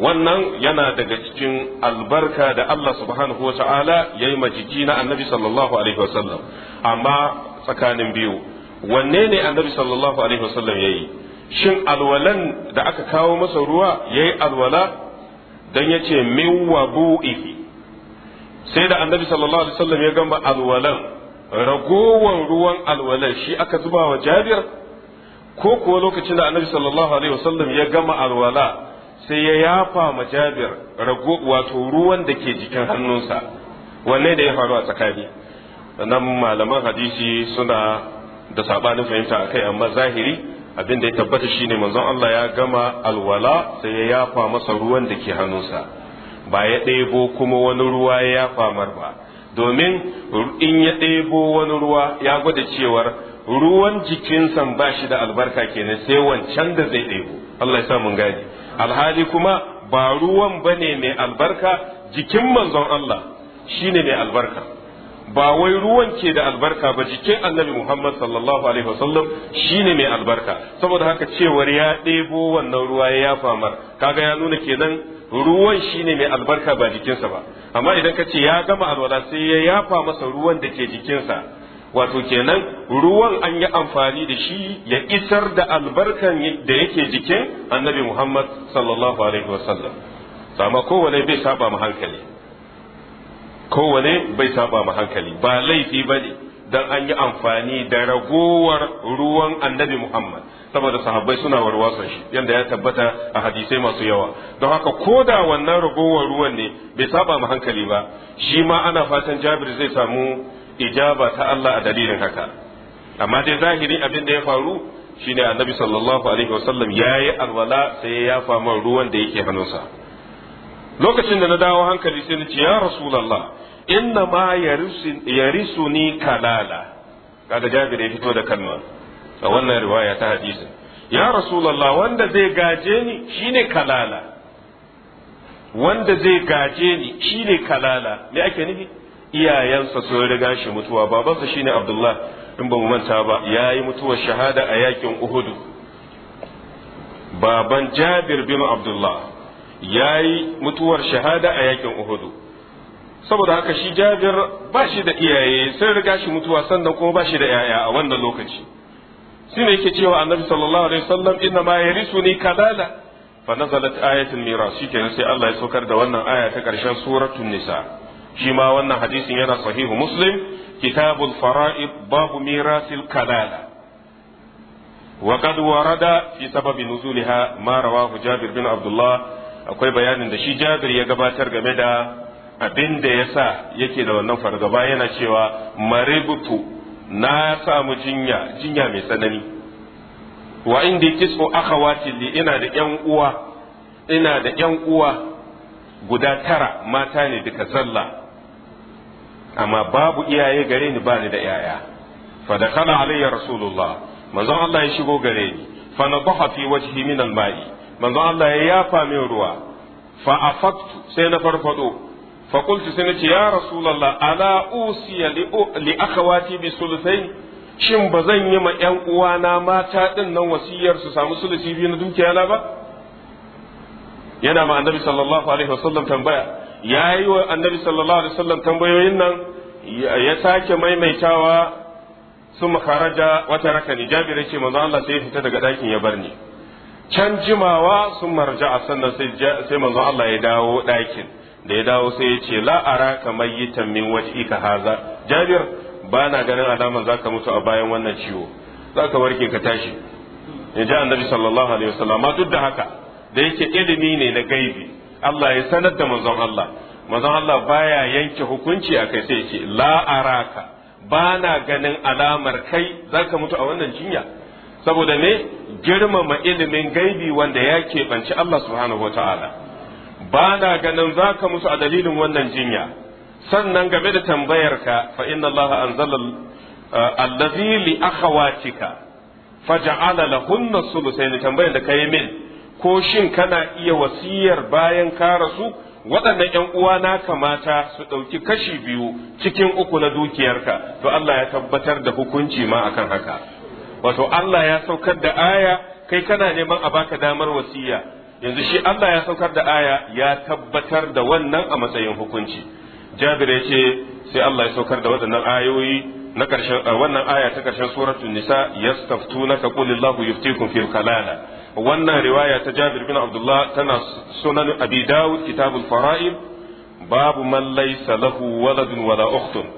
wannan yana daga cikin albarka da Allah subhanahu wa ta'ala yayi majiki na annabi sallallahu alaihi wasallam amma tsakanin biyu wanne ne annabi sallallahu alaihi wasallam yayi shin alwalan da aka kawo masa ruwa yayi alwala dan yace min wabu'i sai da annabi sallallahu alaihi wasallam ya gama alwalan ragowan ruwan alwalan shi aka zuba wa jabir ko kuwa lokacin da annabi sallallahu alaihi wasallam ya gama alwala sai ya yafa ma jabir rago wato ruwan da ke jikin hannunsa wanne da ya faru a tsakani nan malaman hadisi suna da sabanin fahimta akai amma zahiri abin da ya tabbata shine manzon Allah ya gama alwala sai ya yafa masa ruwan da ke hannunsa ba ya ɗebo kuma wani ruwa ya famar ba domin in ya ɗebo wani ruwa ya gwada cewar ruwan jikinsa ba shi da albarka kenan sai wancan da zai ɗebo Allah ya sa mun gani alhali kuma ba ruwan bane mai albarka jikin manzon Allah shine mai albarka ba wai ruwan ke da albarka ba jikin annabi Muhammad sallallahu alaihi wasallam shine mai albarka saboda haka cewar ya ɗebo wannan ruwa ya yafa mar kaga ya nuna kenan ruwan shine mai albarka ba jikinsa ba amma idan ka ce ya gama alwala sai ya yafa masa ruwan da ke jikinsa wato kenan ruwan an yi amfani da shi ya isar da albarkan da yake jikin annabi Muhammad sallallahu alaihi wasallam sama kowane bai saba mu hankali kowane bai saba ma hankali ba laifi ba ne don an yi amfani da ragowar ruwan annabi Muhammad saboda sahabbai suna warwasa shi yadda ya tabbata a hadisai masu yawa don haka ko da wannan ragowar ruwan ne bai saba ma hankali ba shi ma ana fatan Jabir zai samu ijaba ta Allah a dalilin haka amma dai zahiri abin da ya faru shine annabi sallallahu alaihi wasallam yayi alwala sai ya fama ruwan da yake hannunsa lokacin da na dawo hankali sai na ce ya rasulullah inna ma yarisuni kalala kaga jabir ya fito da kalma a wannan riwaya ta hadisi ya rasulullah wanda zai gaje ni shine kalala wanda zai gaje ni shine kalala me ake nufi iyayensa sun riga shi mutuwa babansa shine abdullah in ba mu manta ba yayi mutuwar shahada a yakin uhudu baban jabir bin abdullah ya yi mutuwar shahada a yakin uhudu saboda haka shi jabir ba shi da iyaye sai riga shi mutuwa sannan kuma ba shi da yaya a wannan lokaci shi ne yake cewa annabi sallallahu alaihi wasallam inna ma yarisuni kalala fa nazalat ayatul miras shikenan sai Allah ya saukar da wannan aya ta karshen suratul nisa shi ma wannan hadisin yana sahihu muslim kitabul fara'id babu mirasil kalala وقد ورد في سبب نزولها ما رواه جابر بن عبد الله akwai bayanin da shi jabir ya gabatar game da abin da ya sa yake da wannan fargaba yana cewa maributu na samu jinya jinya mai tsanani wa inda kiso akhawati li ina da yan uwa ina da yan uwa guda tara mata ne duka zalla amma babu iyaye gare ni ba ni da yaya fa da kana alayya rasulullah manzon Allah ya shigo gare ni fa nadaha fi wajhi min al-ma'i manzo Allah ya yafa min ruwa fa afaktu sai na farfado fa qultu sai nace ya rasulullah ala usiya li akhawati bi sulusain shin ba zan yi ma ƴan na mata din nan wasiyar su samu sulusi biyu na na ba yana ma annabi sallallahu alaihi wasallam tambaya yayi wa annabi sallallahu alaihi wasallam tambayoyin nan ya sake maimaitawa sun makaraja wata raka ni jabir ce manzo Allah sai ya fita daga ɗakin ya bar ni can jimawa sun marja a sannan sai manzo Allah ya dawo ɗakin da ya dawo sai ya ce la'ara kamar yi tammin wace haza jabir ba na ganin alamar za ka mutu a bayan wannan ciwo za ka warke ka tashi ya ji annabi sallallahu alaihi wasallam duk da haka da yake ilimi ne na gaibi Allah ya sanar da manzon Allah manzon Allah baya yanke hukunci a kai sai ya ce la'araka ba na ganin alamar kai za ka mutu a wannan jinya saboda ne girmama ilimin gaibi wanda ya keɓanci Allah subhanahu wa ta'ala ba na ganin za ka musu a dalilin wannan jinya sannan game da tambayarka fa inna Allah anzala uh, allazi li akhawatika faja'ala lahunna sulusain tambayar da kai min ko shin kana iya wasiyar bayan ka rasu waɗannan ‘yan uwa na kamata su ɗauki kashi biyu cikin uku na dukiyarka to Allah ya tabbatar da hukunci ma akan haka wato Allah ya saukar da aya kai kana neman a baka damar wasiya yanzu shi Allah ya saukar da aya ya tabbatar da wannan a matsayin hukunci Jabir ya ce sai Allah ya saukar da waɗannan ayoyi na ƙarshen wannan aya ta ƙarshen suratun nisa yastaftunaka qulillahu yuftikum fil kalala wannan riwaya ta Jabir bin Abdullah tana sunan Abi Dawud kitabul fara'id babu man laysa lahu waladun wala ukhtun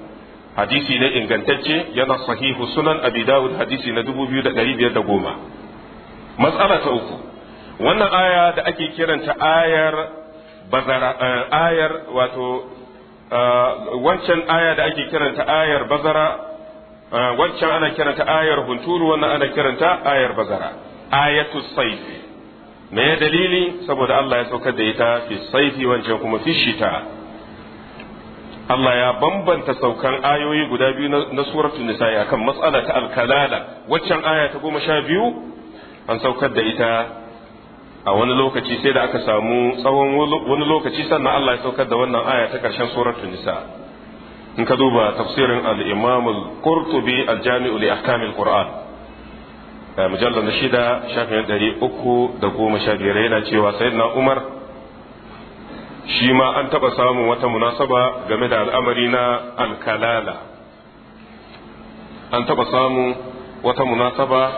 hadisi ne ingantacce yana sahihu sunan abi dawud hadisi na 2510 matsala ta uku wannan aya da ake kiranta ayar bazara eh, ayar wato eh, wancan aya da ake kiranta ayar bazara eh, wancan ana kiranta ayar hunturu wannan ana kiranta ayar bazara ayatu saifi me dalili saboda Allah ya saukar da ita fi saifi wancan kuma fi shita Allah ya bambanta saukan ayoyi guda biyu na suratul nisa'i akan matsala ta alkalala waccan aya ta goma sha biyu an saukar da ita a wani lokaci sai da aka samu tsawon wani lokaci sannan Allah ya saukar da wannan aya ta karshen suratul nisa in ka duba tafsirin al-Imam al-Qurtubi al-Jami'u li ahkam al-Qur'an eh, mujallal shida shafin 315 yana cewa sayyidina Umar shi ma an taɓa samun wata munasaba game da al'amari na alkalala an taɓa samun wata munasaba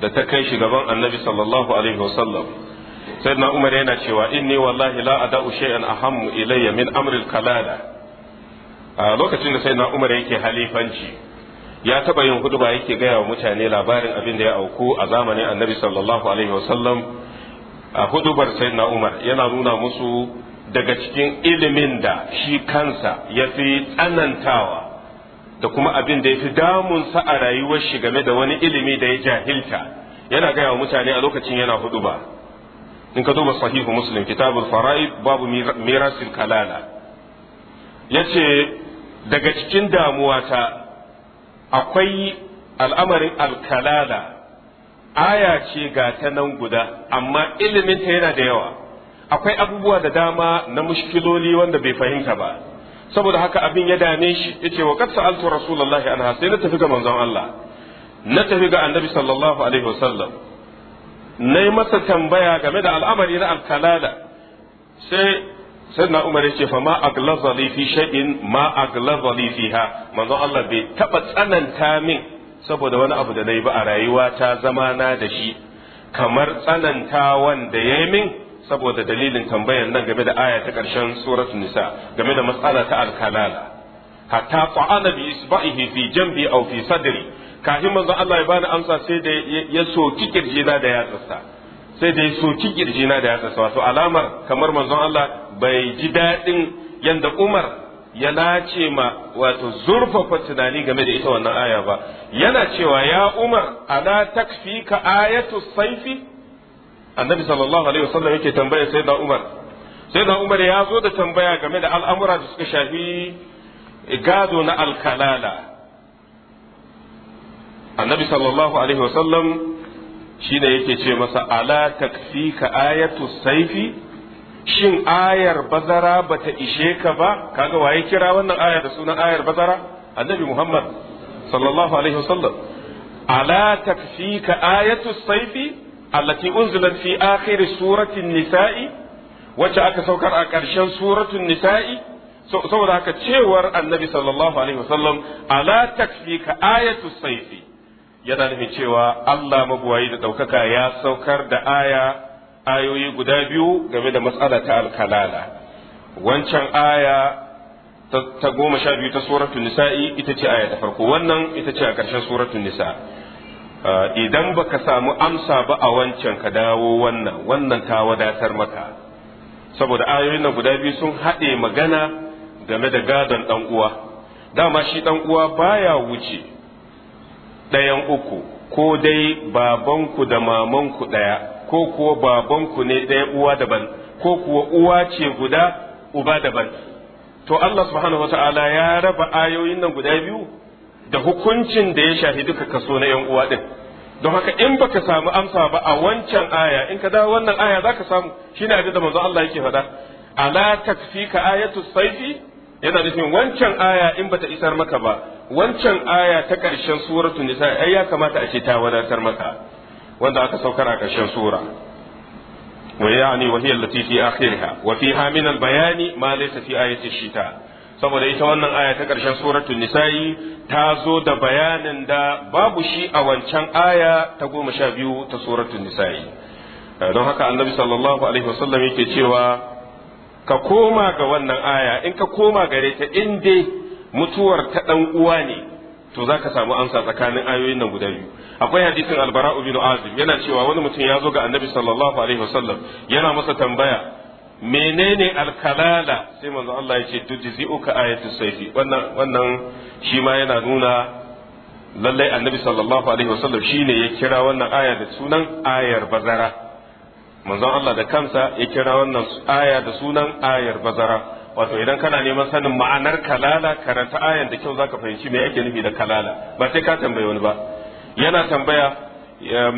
da ta kai shi gaban annabi sallallahu alaihi wasallam sai na umar yana cewa inni wallahi la ada'u shay'an ahammu ilayya min amril kalala a lokacin da sai na umar yake halifanci ya taɓa yin huduba yake gaya wa mutane labarin abin da ya auku a zamanin annabi sallallahu alaihi wasallam a hudubar sai na umar yana nuna musu daga cikin ilimin da shi kansa ya fi tsanantawa da kuma abin da ya fi damunsa a rayuwar shi game da wani ilimi da ya jahilta yana gaya wa mutane a lokacin yana hudu ba in ka duba sahihu muslim kitabul fara'id babu mirasil kalala yace daga cikin damuwata akwai al'amarin alkalala aya ce ga ta nan guda amma iliminta yana da yawa akwai abubuwa da dama na mushkiloli wanda bai fahimta ba saboda haka abin ya dame shi yace wa qad sa'altu rasulullahi anha sai na tafi ga manzon Allah na tafi ga annabi sallallahu alaihi wasallam na yi masa tambaya game da al'amari na alkalala sai sayyidina Umar yace fa ma aglaza li fi shay'in ma aglaza li fiha manzon Allah bai taba tsananta min saboda wani abu da nayi ba a rayuwa ta zama na da shi kamar tsananta wanda yayi min saboda dalilin tambayar nan game da aya ta ƙarshen suratu nisa game da matsala ta alkalala hatta qa'ana bi isba'ihi fi jambi aw fi sadri kafin manzon Allah ya bani amsa sai da ya soki kirjina da yatsarsa sai da ya soki kirjina da yatsarsa wato alamar kamar manzon Allah bai ji daɗin yanda Umar ya nace ma wato zurfafa tunani game da ita wannan aya ba yana cewa ya Umar ala takfika ayatu saifi annabi sallallahu alaihi wasallam yake tambaya sai da umar sai da umar ya zo da tambaya game da al'amura da suka shafi gado na alkalala annabi sallallahu alaihi wasallam shi ne yake ce masa ala ka ayatu saifi shin ayar bazara bata ishe ka ba kaga waye kira wannan ayar da sunan ayar bazara annabi muhammad sallallahu alaihi wasallam ala ka ayatu saifi allati unzilat fi akhir suratin nisa'i wacce aka saukar a ƙarshen suratul nisa'i saboda haka cewar annabi sallallahu alaihi wasallam ala takfika ayatu saifi yana nufin cewa Allah mabuwayi da ɗaukaka ya saukar da aya ayoyi guda biyu game da matsala ta alkalala wancan aya ta goma sha biyu ta suratul nisa'i ita ce aya ta farko wannan ita ce a karshen suratul nisa Ah, idan ba ka samu amsa ba a wancan ka dawo wannan wannan ka wadatar maka saboda ayoyin nan guda biyu sun haɗe magana game da gadon ɗan uwa dama shi ɗan uwa baya wuce ɗayan uku ko dai babanku da mamanku ɗaya ko kuwa babanku ne ɗaya uwa daban ko kuwa uwa ce guda uba daban to Allah subhanahu wata'ala ya raba ayoyin nan guda biyu da hukuncin da ya shafi duka kaso na yan uwa ɗin. don haka in baka samu amsa ba a wancan aya in ka dawo wannan aya ka samu shine abin da manzo Allah yake faɗa ala takfika ayatu sayfi yana nufin wancan aya in bata isar maka ba wancan aya ta ƙarshen suratul nisa ai ya kamata a ce ta wadatar maka wanda aka saukar a ƙarshen sura ويعني وهي التي في آخرها وفيها من البيان ما ليس في آية shita. saboda ita wannan aya ta ƙarshen suratul nisa'i ta zo da bayanin da babu shi a wancan aya ta goma sha biyu ta suratul nisa'i eh, don haka annabi sallallahu alaihi wasallam yake cewa ka koma ga wannan aya in ka koma gare ta in dai mutuwar ta dan uwa ne to zaka samu amsa tsakanin ayoyin nan guda biyu akwai hadisin albara'u bin Azim yana cewa wani mutum ya zo ga annabi sallallahu alaihi wasallam yana masa tambaya menene alkalala sai manzo Allah ya ce tujzi uka ayatu sayfi wannan wannan shi ma yana nuna lallai annabi sallallahu alaihi wasallam shine ya kira wannan aya da sunan ayar bazara manzo Allah da kansa ya kira wannan aya da sunan ayar bazara wato idan kana neman sanin ma'anar kalala karanta ayan da kyau zaka fahimci me ake nufi da kalala ba sai ka tambaye wani ba yana tambaya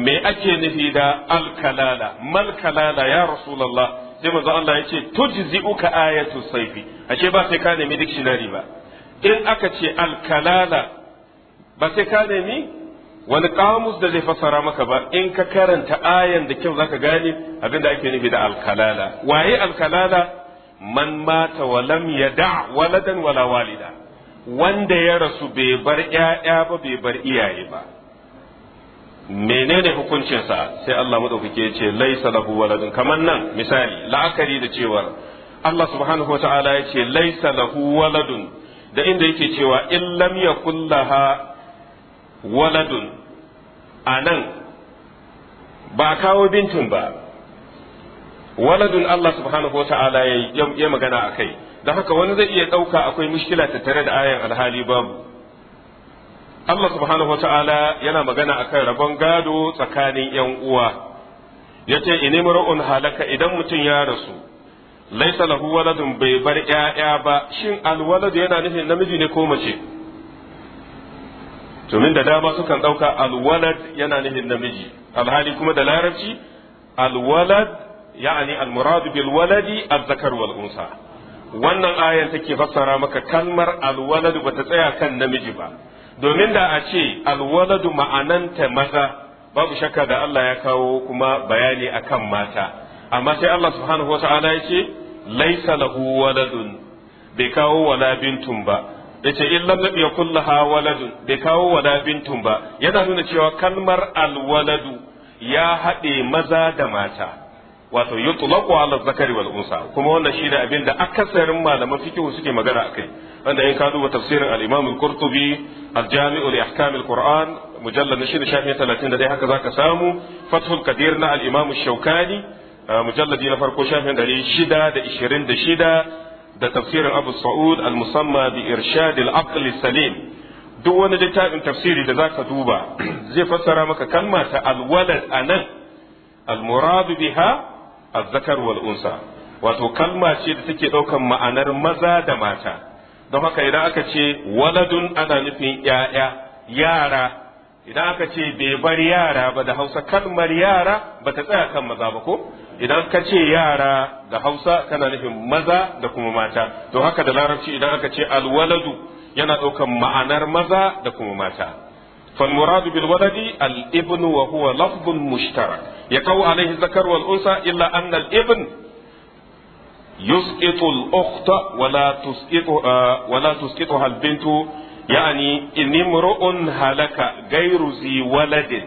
me ake nufi da alkalala mal kalala ya rasulullah sai manzo Allah ya ce uka ayatu sayfi ashe ba sai ka nemi dictionary ba in aka ce alkalala ba sai ka nemi wani kamus da zai fassara maka ba in ka karanta ayan da kyau zaka gane abin da ake nufi da alkalala waye alkalala man mata wa lam yada waladan wala walida wanda ya rasu bai bar ƴaƴa ba bai bar iyaye ba menene hukuncinsa sai Allah madaukake ya ce laisa lahu waladun kaman nan misali la'akari da cewar Allah subhanahu wata'ala ya ce laisa lahu waladun da inda yake cewa in lam yakul laha waladun anan ba kawo bintin ba waladun Allah subhanahu wata'ala ya magana akai da haka wani zai iya ɗauka akwai mushkilata tare da ayan alhali babu Allah subhanahu wata'ala yana magana a akan rabon gado tsakanin ‘yan uwa, ya ce, Ini halaka idan mutum ya rasu, laisa lahu waladun bai bar ‘ya'ya ba, shin alwalad yana nufin namiji ne ko mace? Tumin da dama sukan ɗauka alwalad yana nufin namiji, alhali kuma da larabci, alwalad ya'ani almuradu bil waladi azzakar wal unsa. Wannan ayan take fassara maka kalmar alwalad bata tsaya kan namiji ba. domin da a ce alwaladu ma'ananta maza babu shakka da Allah ya kawo kuma bayani akan mata amma sai Allah subhanahu wata'ala ya ce laisa lahu waladun bai kawo wala bintun ba ya ce in ya kulla ha waladun bai kawo wala bintun ba yana nuna cewa kalmar alwaladu ya haɗe maza da mata wato yutlaqu ala zakari wal unsa kuma wannan shine abin da akasarin malaman fiqh suke magana akai wanda in ka duba tafsirin al-Imam al-Qurtubi al-Jami'u li ahkam al-Qur'an mujallad na shida shafi 31 haka zaka samu Fathul Qadir na al-Imam al-Shawkani mujalladi na farko shafin 626 da tafsirin Abu Sa'ud al-Musamma bi Irshad al-Aql salim duk wani littafin tafsiri da zaka duba zai fassara maka kalma ta al-walad anan al-murad biha al-zakar wal unsa wato kalma ce da take ɗaukan ma'anar maza da mata don haka idan aka ce waladun ana nufin ‘ya'ya yara idan aka ce bai bar yara ba da hausa kalmar yara ba ta tsaya kan maza ba ko idan ka ce yara da hausa kana nufin maza da kuma mata don haka da larabci idan aka ce alwaladu yana ɗaukan ma'anar maza da kuma mata فالمراد بالولد الابن وهو لفظ مشترك يقع عليه الذكر والأنثى إلا أن الابن يسقط الأخت ولا تسقط ولا تسقطها البنت يعني إن امرؤ هلك غير ذي ولد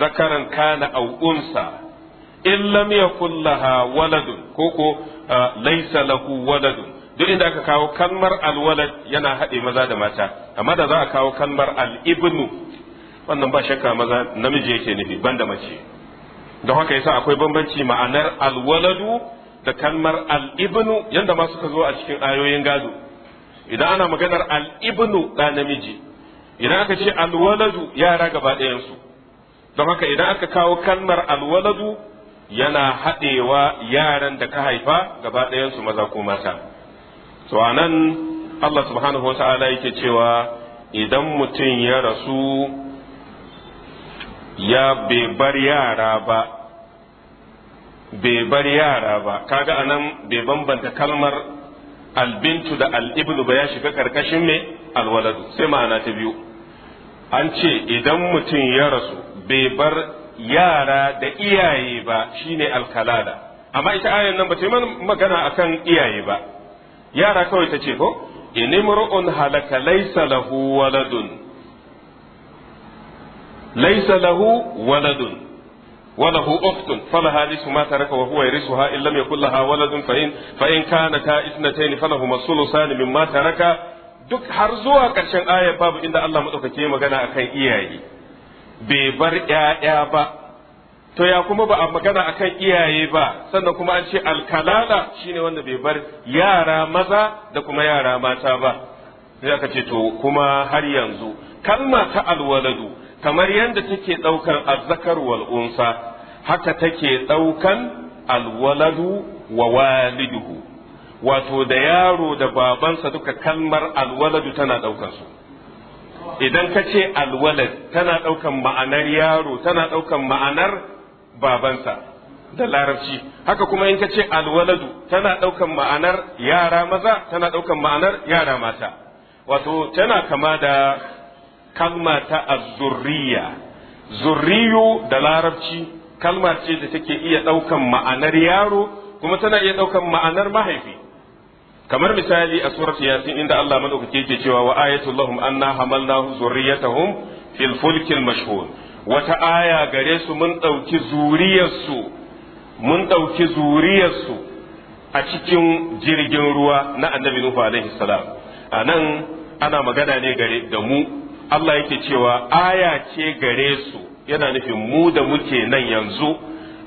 ذكرا كان أو أنثى إن لم يكن لها ولد كوكو ليس له ولد duk inda aka kawo kalmar alwalad yana haɗe maza da mata amma da za a kawo kalmar al'ibnu wannan ba shakka maza namiji yake nufi banda mace don haka yasa akwai bambanci ma'anar alwaladu da kalmar al'ibnu yadda ma suka zo a cikin ayoyin gado idan ana maganar al'ibnu da namiji idan aka ce alwaladu yara gaba ɗayansu don haka idan aka kawo kalmar alwaladu yana haɗewa yaran da ka haifa gaba ɗayansu maza ko mata to a Allah subhanahu wa ta'ala yake cewa idan mutum ya rasu ya bai bar yara ba bai bar yara ba kaga anan bai bambanta kalmar albintu da al'ibnu ba ya shiga karkashin mai alwaladu sai ma'ana ta biyu an ce idan mutum ya rasu bai bar yara da iyaye ba shine alkalada amma ita ayan nan ba ta yi magana akan iyaye ba yara kawai ta ce ko inimru'un halaka laisa lahu waladun laysa lahu waladun وله أخت فلها نصف ما ترك وهو يرثها إن لم يكن لها ولد فإن فإن كانتا اثنتين فلهما الثلثان مما ترك duk har zuwa ƙarshen ayar babu inda Allah maɗaukaki ya magana akan iyaye bai bar ‘ya'ya ba to ya kuma ba a magana akan iyaye ba sannan kuma an ce alkalala shine wanda bai bar yara maza da kuma yara mata ba sai aka ce to kuma har yanzu kalma ta alwaladu kamar yadda take ɗaukan azzakar wal haka take ɗaukan alwaladu wa waliduhu wato da yaro da babansa duka kalmar alwaladu tana ɗaukan su idan ka ce alwalad tana ɗaukan ma'anar yaro tana ɗaukan ma'anar babansa da larabci haka kuma in ka ce alwaladu tana ɗaukan ma'anar yara maza tana ɗaukan ma'anar yara mata wato tana kama da kalma ta azurriya zurriyu da larabci kalma ce da take iya ɗaukan ma'anar yaro kuma tana iya ɗaukan ma'anar mahaifi kamar misali a surat yasin inda Allah madaukake yake cewa wa ayatul lahum anna hamalnahu zurriyatahum fil fulkil mashhur wata aya gare su mun ɗauki zuriyarsu mun ɗauki zuriyarsu a cikin jirgin ruwa na annabi nuhu alaihi salam a ana magana ne gare da mu Allah yake cewa aya ce gare su yana nufin mu da muke nan yanzu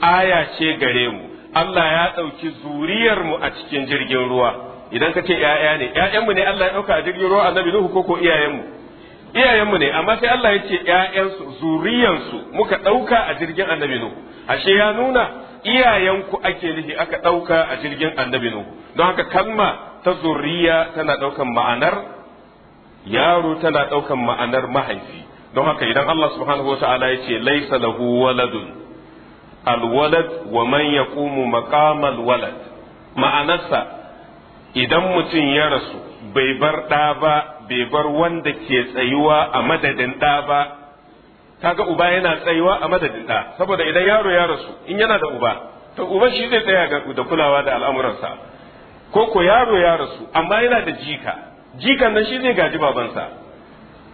aya ce gare mu Allah ya ɗauki zuriyar mu a cikin jirgin ruwa idan ka ce ‘ya'ya ne ‘ya'yanmu ne Allah ya ɗauka a jirgin ruwa annabi Nuhu ko ko iyayenmu iyayenmu ne amma sai Allah ya ce ‘ya'yansu zuriyansu muka ɗauka a jirgin annabi Nuhu ashe ya nuna iyayenku ake nufi aka ɗauka a jirgin annabi Nuhu don haka kalma ta zuriya tana ɗaukan ma'anar yaro tana ɗaukan ma'anar mahaifi don haka idan Allah subhanahu wata'ala ya ce laisa lahu waladun alwalad wa man yaqumu maqamal walad ma'anarsa idan mutum ya rasu bai bar ɗa ba bai bar wanda ke tsayuwa a madadin ɗa ba kaga uba yana tsayuwa a madadin ɗa saboda idan yaro ya rasu in yana da uba to uba shi zai tsaya da kulawa da al'amuransa ko ko yaro ya rasu amma yana da jika jikan nan shi zai gaji babansa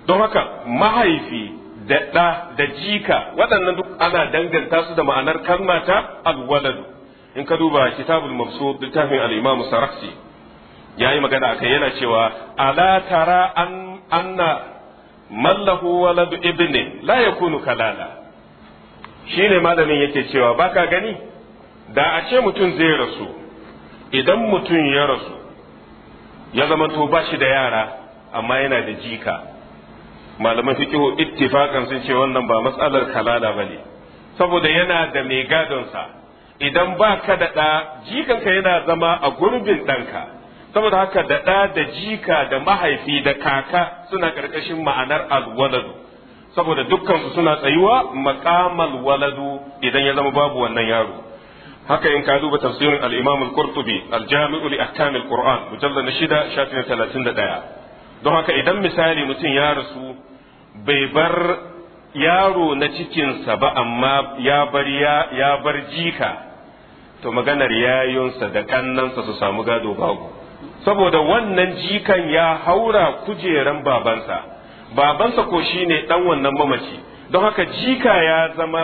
don haka mahaifi da ɗa da jika waɗannan duk ana danganta su da ma'anar kalma ta alwaladu in ka duba kitabul mabsud littafin al-imam Ya yayi magana akai yana cewa ala tara an anna mallahu waladu ibni la yakunu kalala shine malamin yake cewa baka gani da a ce mutum zai rasu idan mutum ya rasu ya zama to ba shi da yara amma yana da jika malaman fikihu ittifakan sun ce wannan ba matsalar kalala ba ne saboda yana da mai gadon sa. idan ba ka da ɗa jikanka yana zama a gurbin ɗanka saboda haka da ɗa da jika da mahaifi da kaka suna ƙarƙashin ma'anar alwaladu saboda dukkansu suna tsayuwa maƙamal waladu idan ya zama babu wannan yaro haka in ka duba tafsirin al-Imam al-Qurtubi al-Jami'u li ahkam al-Qur'an mujallad shida shafin 31 don haka idan misali mutum ya rasu bai bar yaro na cikinsa ba amma ya bar ya bar jika to maganar yayunsa da kannansa su samu gado babu saboda wannan jikan ya haura kujeran babansa babansa ko shine dan wannan mamaci don haka jika ya zama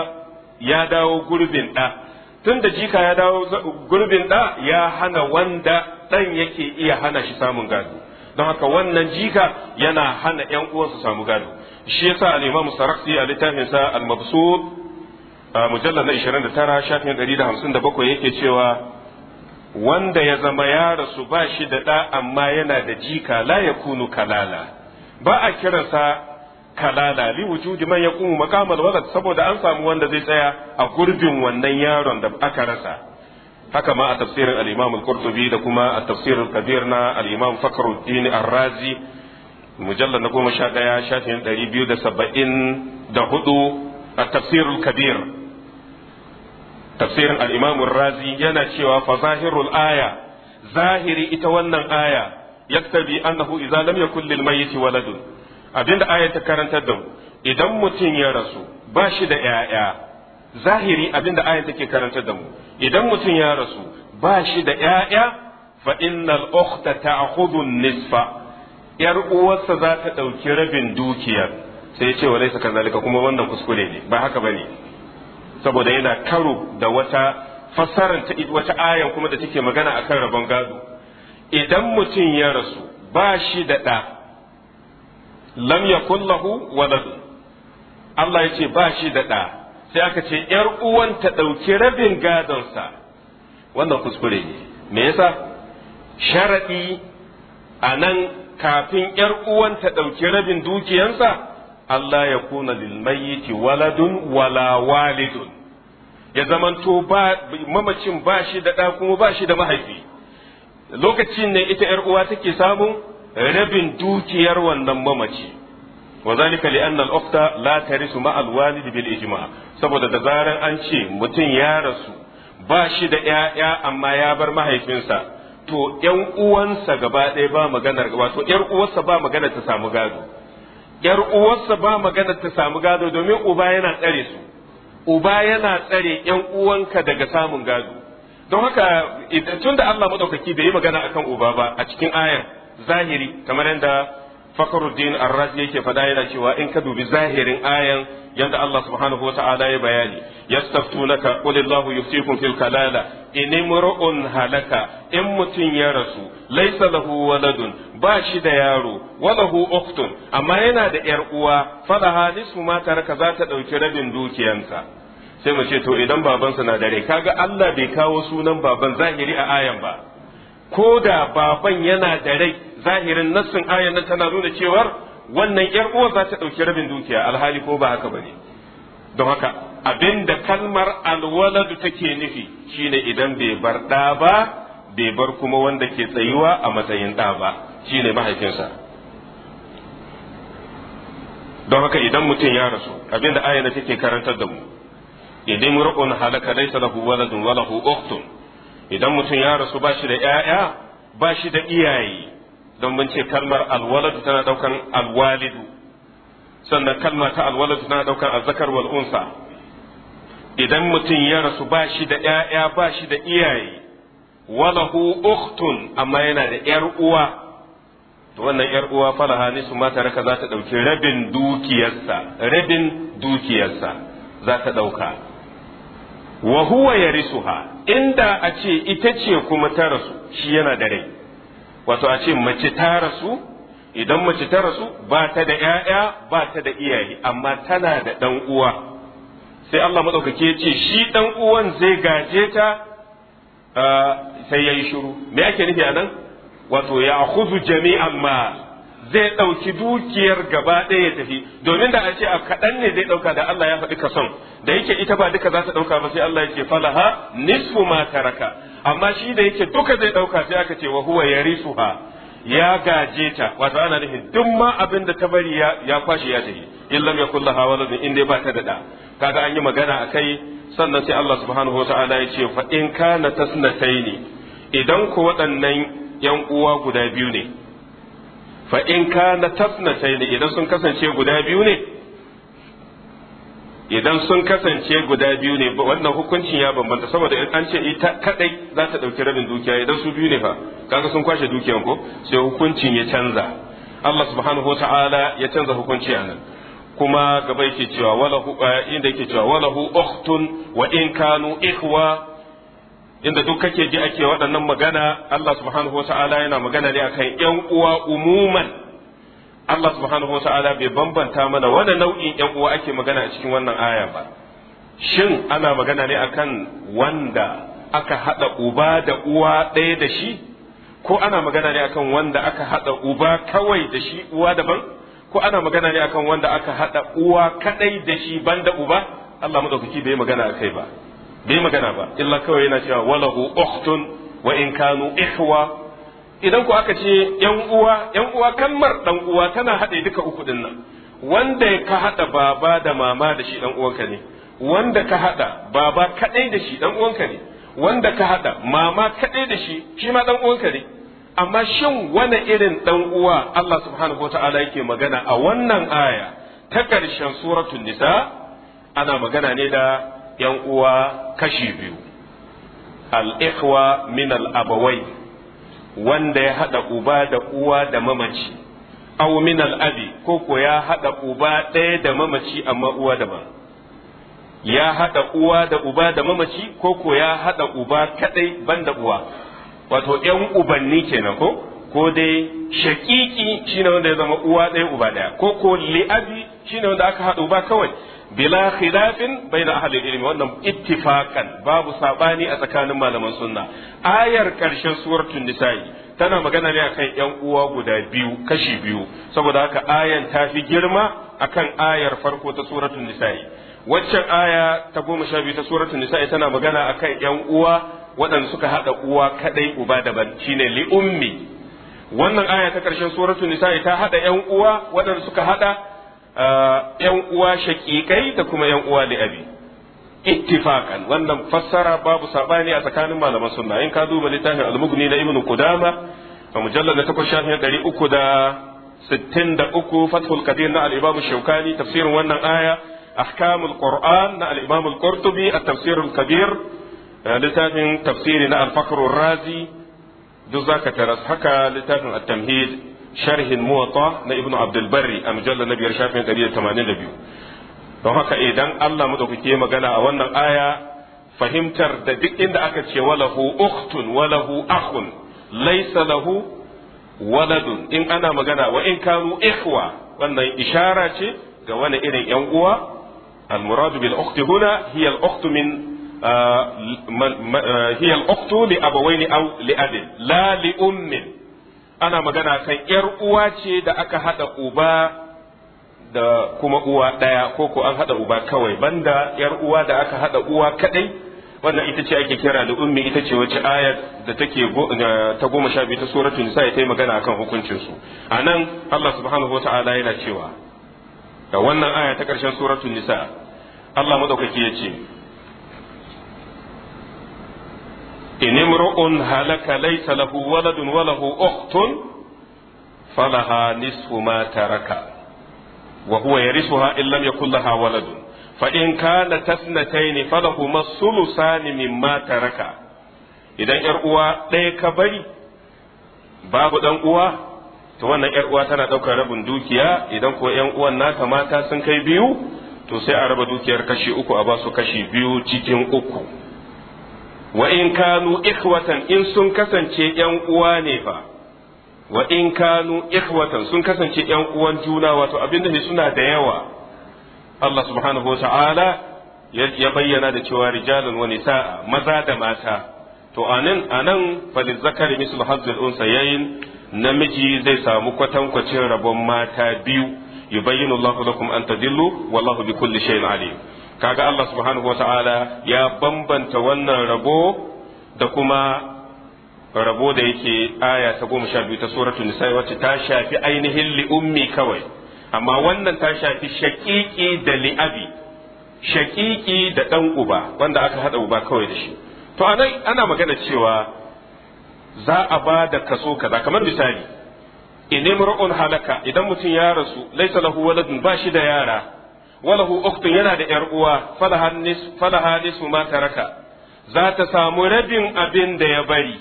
ya dawo gurbin ɗa tun da jika ya dawo gurbin ɗa ya hana wanda ɗan yake iya hana shi samun gado don haka wannan jika yana hana ‘yan uwansa samu gado shi yasa al'imam saraksi a littafinsa al-mabsur a na 29 shafin 157 yake cewa wanda ya zama ya rasu ba shi da ɗa amma yana da jika la ya kunu kalala ba a kiransa kalala li wujudi man yaqumu maqamal walad saboda an samu wanda zai tsaya a gurbin wannan yaron da aka rasa haka ma a tafsirin al-Imam al-Qurtubi da kuma a tafsirin Kabir na al-Imam Fakhruddin Ar-Razi mujallad na goma sha ɗaya shafin ɗari biyu da saba'in da hudu a tafsirin kabir tafsirin al'imamun razi yana cewa fa zahirul aya zahiri ita wannan aya yaktabi annahu idza lam yakul lil mayyit waladun abinda aya ta karantar da mu idan mutum ya rasu ba shi da ‘ya'ya zahiri abinda aya take karantar da mu idan mutum ya rasu ba shi da ‘ya'ya fa innal ukhta ta'khudhu nisfa yar uwarsa za ta ɗauki rabin dukiyar sai ya ce wa laisa kazalika kuma wannan kuskure ne ba haka bane saboda yana karo da wata fassarar ta wata aya kuma da take magana akan rabon gado idan mutum ya rasu ba shi da ɗa lam yakun lahu walad Allah ya ce ba shi da ɗa sai aka ce ‘yar uwan ta dauki rabin gadonsa wannan kuskure ne me yasa sharaɗi a nan kafin ‘yar uwan ta ɗauki rabin dukiyansa Allah ya kuna mayyiti waladun wala walidun ya zamanto ba mamacin ba shi da ɗa kuma ba shi da mahaifi lokacin ne ita ‘yar uwa take samu. rabin dukiyar wannan mamaci wa zalika li anna al-ukhta la tarisu ma al-walid bil ijma saboda da zaran an ce mutum ya rasu ba shi da 'ya'ya amma ya bar mahaifinsa to ƴan uwansa gaba ɗaya ba gaba to ƴar uwarsa ba magana ta samu gado ƴar uwarsa ba magana ta samu gado domin uba yana tsare su uba yana tsare 'yan uwanka daga samun gado don haka tun da Allah madaukaki bai yi magana akan uba ba a cikin ayan zahiri kamar yadda fakaruddin Arras yake fada yana cewa in ka dubi zahirin ayan yadda Allah subhanahu wa ta'ala ya bayani yastaftunaka qul Allahu yuftikum fil kalala in imru'un halaka in mutun ya rasu laysa lahu waladun ba shi da yaro walahu uktun amma yana da yar uwa falaha nisfu ma taraka za ta dauki rabin dukiyansa sai mu ce to idan babansa na dare kaga Allah bai kawo sunan baban zahiri a ayan ba ko da baban yana da rai zahirin nassin ayan nan tana nuna cewar wannan yar uwa za ta ɗauki rabin dukiya alhali ko ba haka bane don haka abinda kalmar alwaladu take nufi shine idan bai bar da ba bai bar kuma wanda ke tsayuwa a matsayin da ba shine mahaifinsa don haka idan mutum ya rasu abinda ayan take karantar da mu idan mur'un halaka laysa lahu waladun walahu ukhtun idan mutum ya rasu ba shi da 'ya'ya ba shi da iyaye don mun ce kalmar alwaladu tana daukan alwalidu sannan kalma ta alwaladu tana daukan azzakar wal unsa idan mutum ya rasu ba shi da ‘ya'ya ba shi da iyaye walahu ukhtun amma yana da ‘yar uwa to wannan ‘yar uwa falaha su mata raka za ta ɗauki rabin dukiyarsa rabin dukiyarsa za ta ɗauka wa huwa yarisuha inda a ce ita ce kuma ta rasu shi yana da rai wato a ce mace ta rasu idan mace ta rasu ba ta da ‘ya'ya ba ta da iyaye amma tana da ɗan uwa sai Allah maɗaukaki ya ce shi ɗan uwan zai gaje ta ah, sai ya yi shiru me ake nufi a nan wato ya jami'an ma zai ɗauki dukiyar gaba ɗaya ya tafi domin da a ce a kaɗan ne zai ɗauka da Allah ya faɗi son da yake ita ba duka za ta ɗauka ba sai Allah yake falaha nisfu ma taraka amma shi da yake duka zai ɗauka sai aka ce wa huwa yarisuha ya gaje ta wato ana nufin duk ma abin da ta bari ya ya kwashi ya tafi illam yakul laha waladun in dai ba ta da da kaga an yi magana akai sannan sai Allah subhanahu wa ta'ala ya ce fa in kana tasnataini idan ku waɗannan yan uwa guda biyu ne fa in ka na tasnatayn idan sun kasance guda biyu ne idan sun kasance guda biyu ne wannan hukuncin ya bambanta saboda in an ce ita kadai za ta dauki rabin dukiya idan su biyu ne fa kaga sun kwashe dukiyan ko sai hukuncin ya canza Allah subhanahu wataala ya canza hukunci anan kuma gaba yake cewa walahu eh, inda yake cewa walahu ukhtun wa in kanu ikhwa inda duk kake ji ake waɗannan magana Allah subhanahu wa ta'ala yana magana ne akan ƴan uwa umuman Allah subhanahu wa ta'ala bai bambanta mana wani nau'in ƴan uwa ake magana a cikin wannan aya ba shin ana magana ne akan wanda aka haɗa uba da uwa ɗaya da shi ko ana magana ne akan wanda aka haɗa uba kawai da shi uwa daban ko ana magana ne akan wanda aka haɗa uwa kaɗai da shi banda uba Allah madaukaki bai magana akai ba bai magana ba illa kawai yana cewa walahu ukhtun wa in kanu ihwa idan ku aka ce yan uwa yan uwa kalmar dan uwa tana haɗe duka uku din nan wanda ka haɗa baba da mama da shi dan uwanka ne wanda ka haɗa baba kaɗai da shi dan uwanka ne wanda ka haɗa mama kaɗai da shi shi ma dan uwanka ne amma shin wani irin dan uwa Allah subhanahu wataala yake magana a wannan aya ta karshen suratul nisa ana magana ne da yan uwa kashi biyu al'ikhwa min al'abawai wanda ya haɗa uba da uwa da mamaci aw min al'abi ko ko ya haɗa uba ɗaya da mamaci amma uwa ba ya haɗa uwa da uba da mamaci ko ko ya haɗa uba kaɗai banda uwa wato ‘yan ubanni kenan ko ko dai shakiki shine wanda ya zama uwa ɗaya uba ɗaya ko ko li'abi shine wanda aka haɗa uba kawai bila khilafin baina ahli ilimi wannan ittifakan babu saɓani a tsakanin malaman sunna ayar ƙarshen suratul nisa'i tana magana ne akan yan uwa guda biyu kashi biyu saboda haka ayan ta fi girma akan ayar farko ta suratul nisa'i waccan aya ta goma sha biyu ta suratul nisa'i tana magana akan yan uwa waɗanda suka haɗa uwa kadai uba daban shine li ummi wannan aya ta ƙarshen suratul nisa'i ta haɗa yan uwa waɗanda suka haɗa yan uwa shaƙiƙai da kuma yan uwa li'abi ittifaqan wannan fassara babu saɓani a tsakanin malaman sunna in ka duba littafin al mugni na ibnu kudama a mujallal na 8 shafin uku, fathul Kabir na al-imam shaukani tafsirin wannan aya ahkamul qur'an na al-imam al-qurtubi at kabir littafin tafsiri na al-fakhr razi duk zaka taras haka littafin at-tamhid sharhin muwatta na ibnu abdul barri a mujallar na biyar shafin 182 don haka idan Allah madaukake magana a wannan aya fahimtar da duk inda aka ce walahu ukhtun walahu akhun laysa lahu waladun in ana magana wa in kanu ikhwa wannan ishara ce ga wani irin yan uwa المراد بالأخت هنا هي الأخت من هي الأخت لأبوين أو لأب لا لأم ana magana kan ‘yar uwa ce da aka haɗa uba da kuma uwa ɗaya ko ko an haɗa uba kawai banda ‘yar uwa da aka haɗa uwa kaɗai wannan ita ce ake kira da ummi ita ce wace ayar da take ta goma sha biyu ta suratul nisa ya ta yi magana akan hukuncin su a nan Allah subhanahu wataala yana cewa da wannan aya ta karshen suratul nisa Allah madaukaki ya ce in imru'un halaka laysa lahu waladun wa lahu ukhtun falaha nisfu ma taraka wa huwa yarithuha in lam yakul laha waladun fa in kana tasnatayn falahuma thuluthan mimma taraka idan yar uwa ɗaya ka bari babu dan uwa to wannan yar uwa tana ɗaukar rabin dukiya idan ko yan uwan naka mata sun kai biyu to sai a raba dukiyar kashi uku a basu kashi biyu cikin uku wa in kanu ikhwatan in sun kasance yan uwa ne fa wa in kanu ikhwatan sun kasance yan uwan juna wato abinda ne suna da yawa Allah subhanahu wata'ala ya bayyana da cewa rijalun wa nisa'a maza da mata to anan anan falil zakari mislu unsa yayin namiji zai samu kwatankwacin rabon mata biyu yubayyinu Allahu lakum an tadillu wallahu bikulli shay'in alim kaga Allah subhanahu ta’ala ya bambanta wannan rabo da kuma rabo da yake aya ta goma sha biyu ta suratul nisa wacce ta shafi ainihin li'ummi kawai amma wannan ta shafi shakiki da li'abi shakiki da ɗan uba wanda aka haɗa uba kawai da shi to anan ana magana cewa za a ba da kaso kaza kamar misali in halaka idan mutum ya rasu laysa lahu waladun ba shi da yara Wala walahu uktun yana da yar uwa falaha nisu ma taraka za ta samu rabin abin da ya bari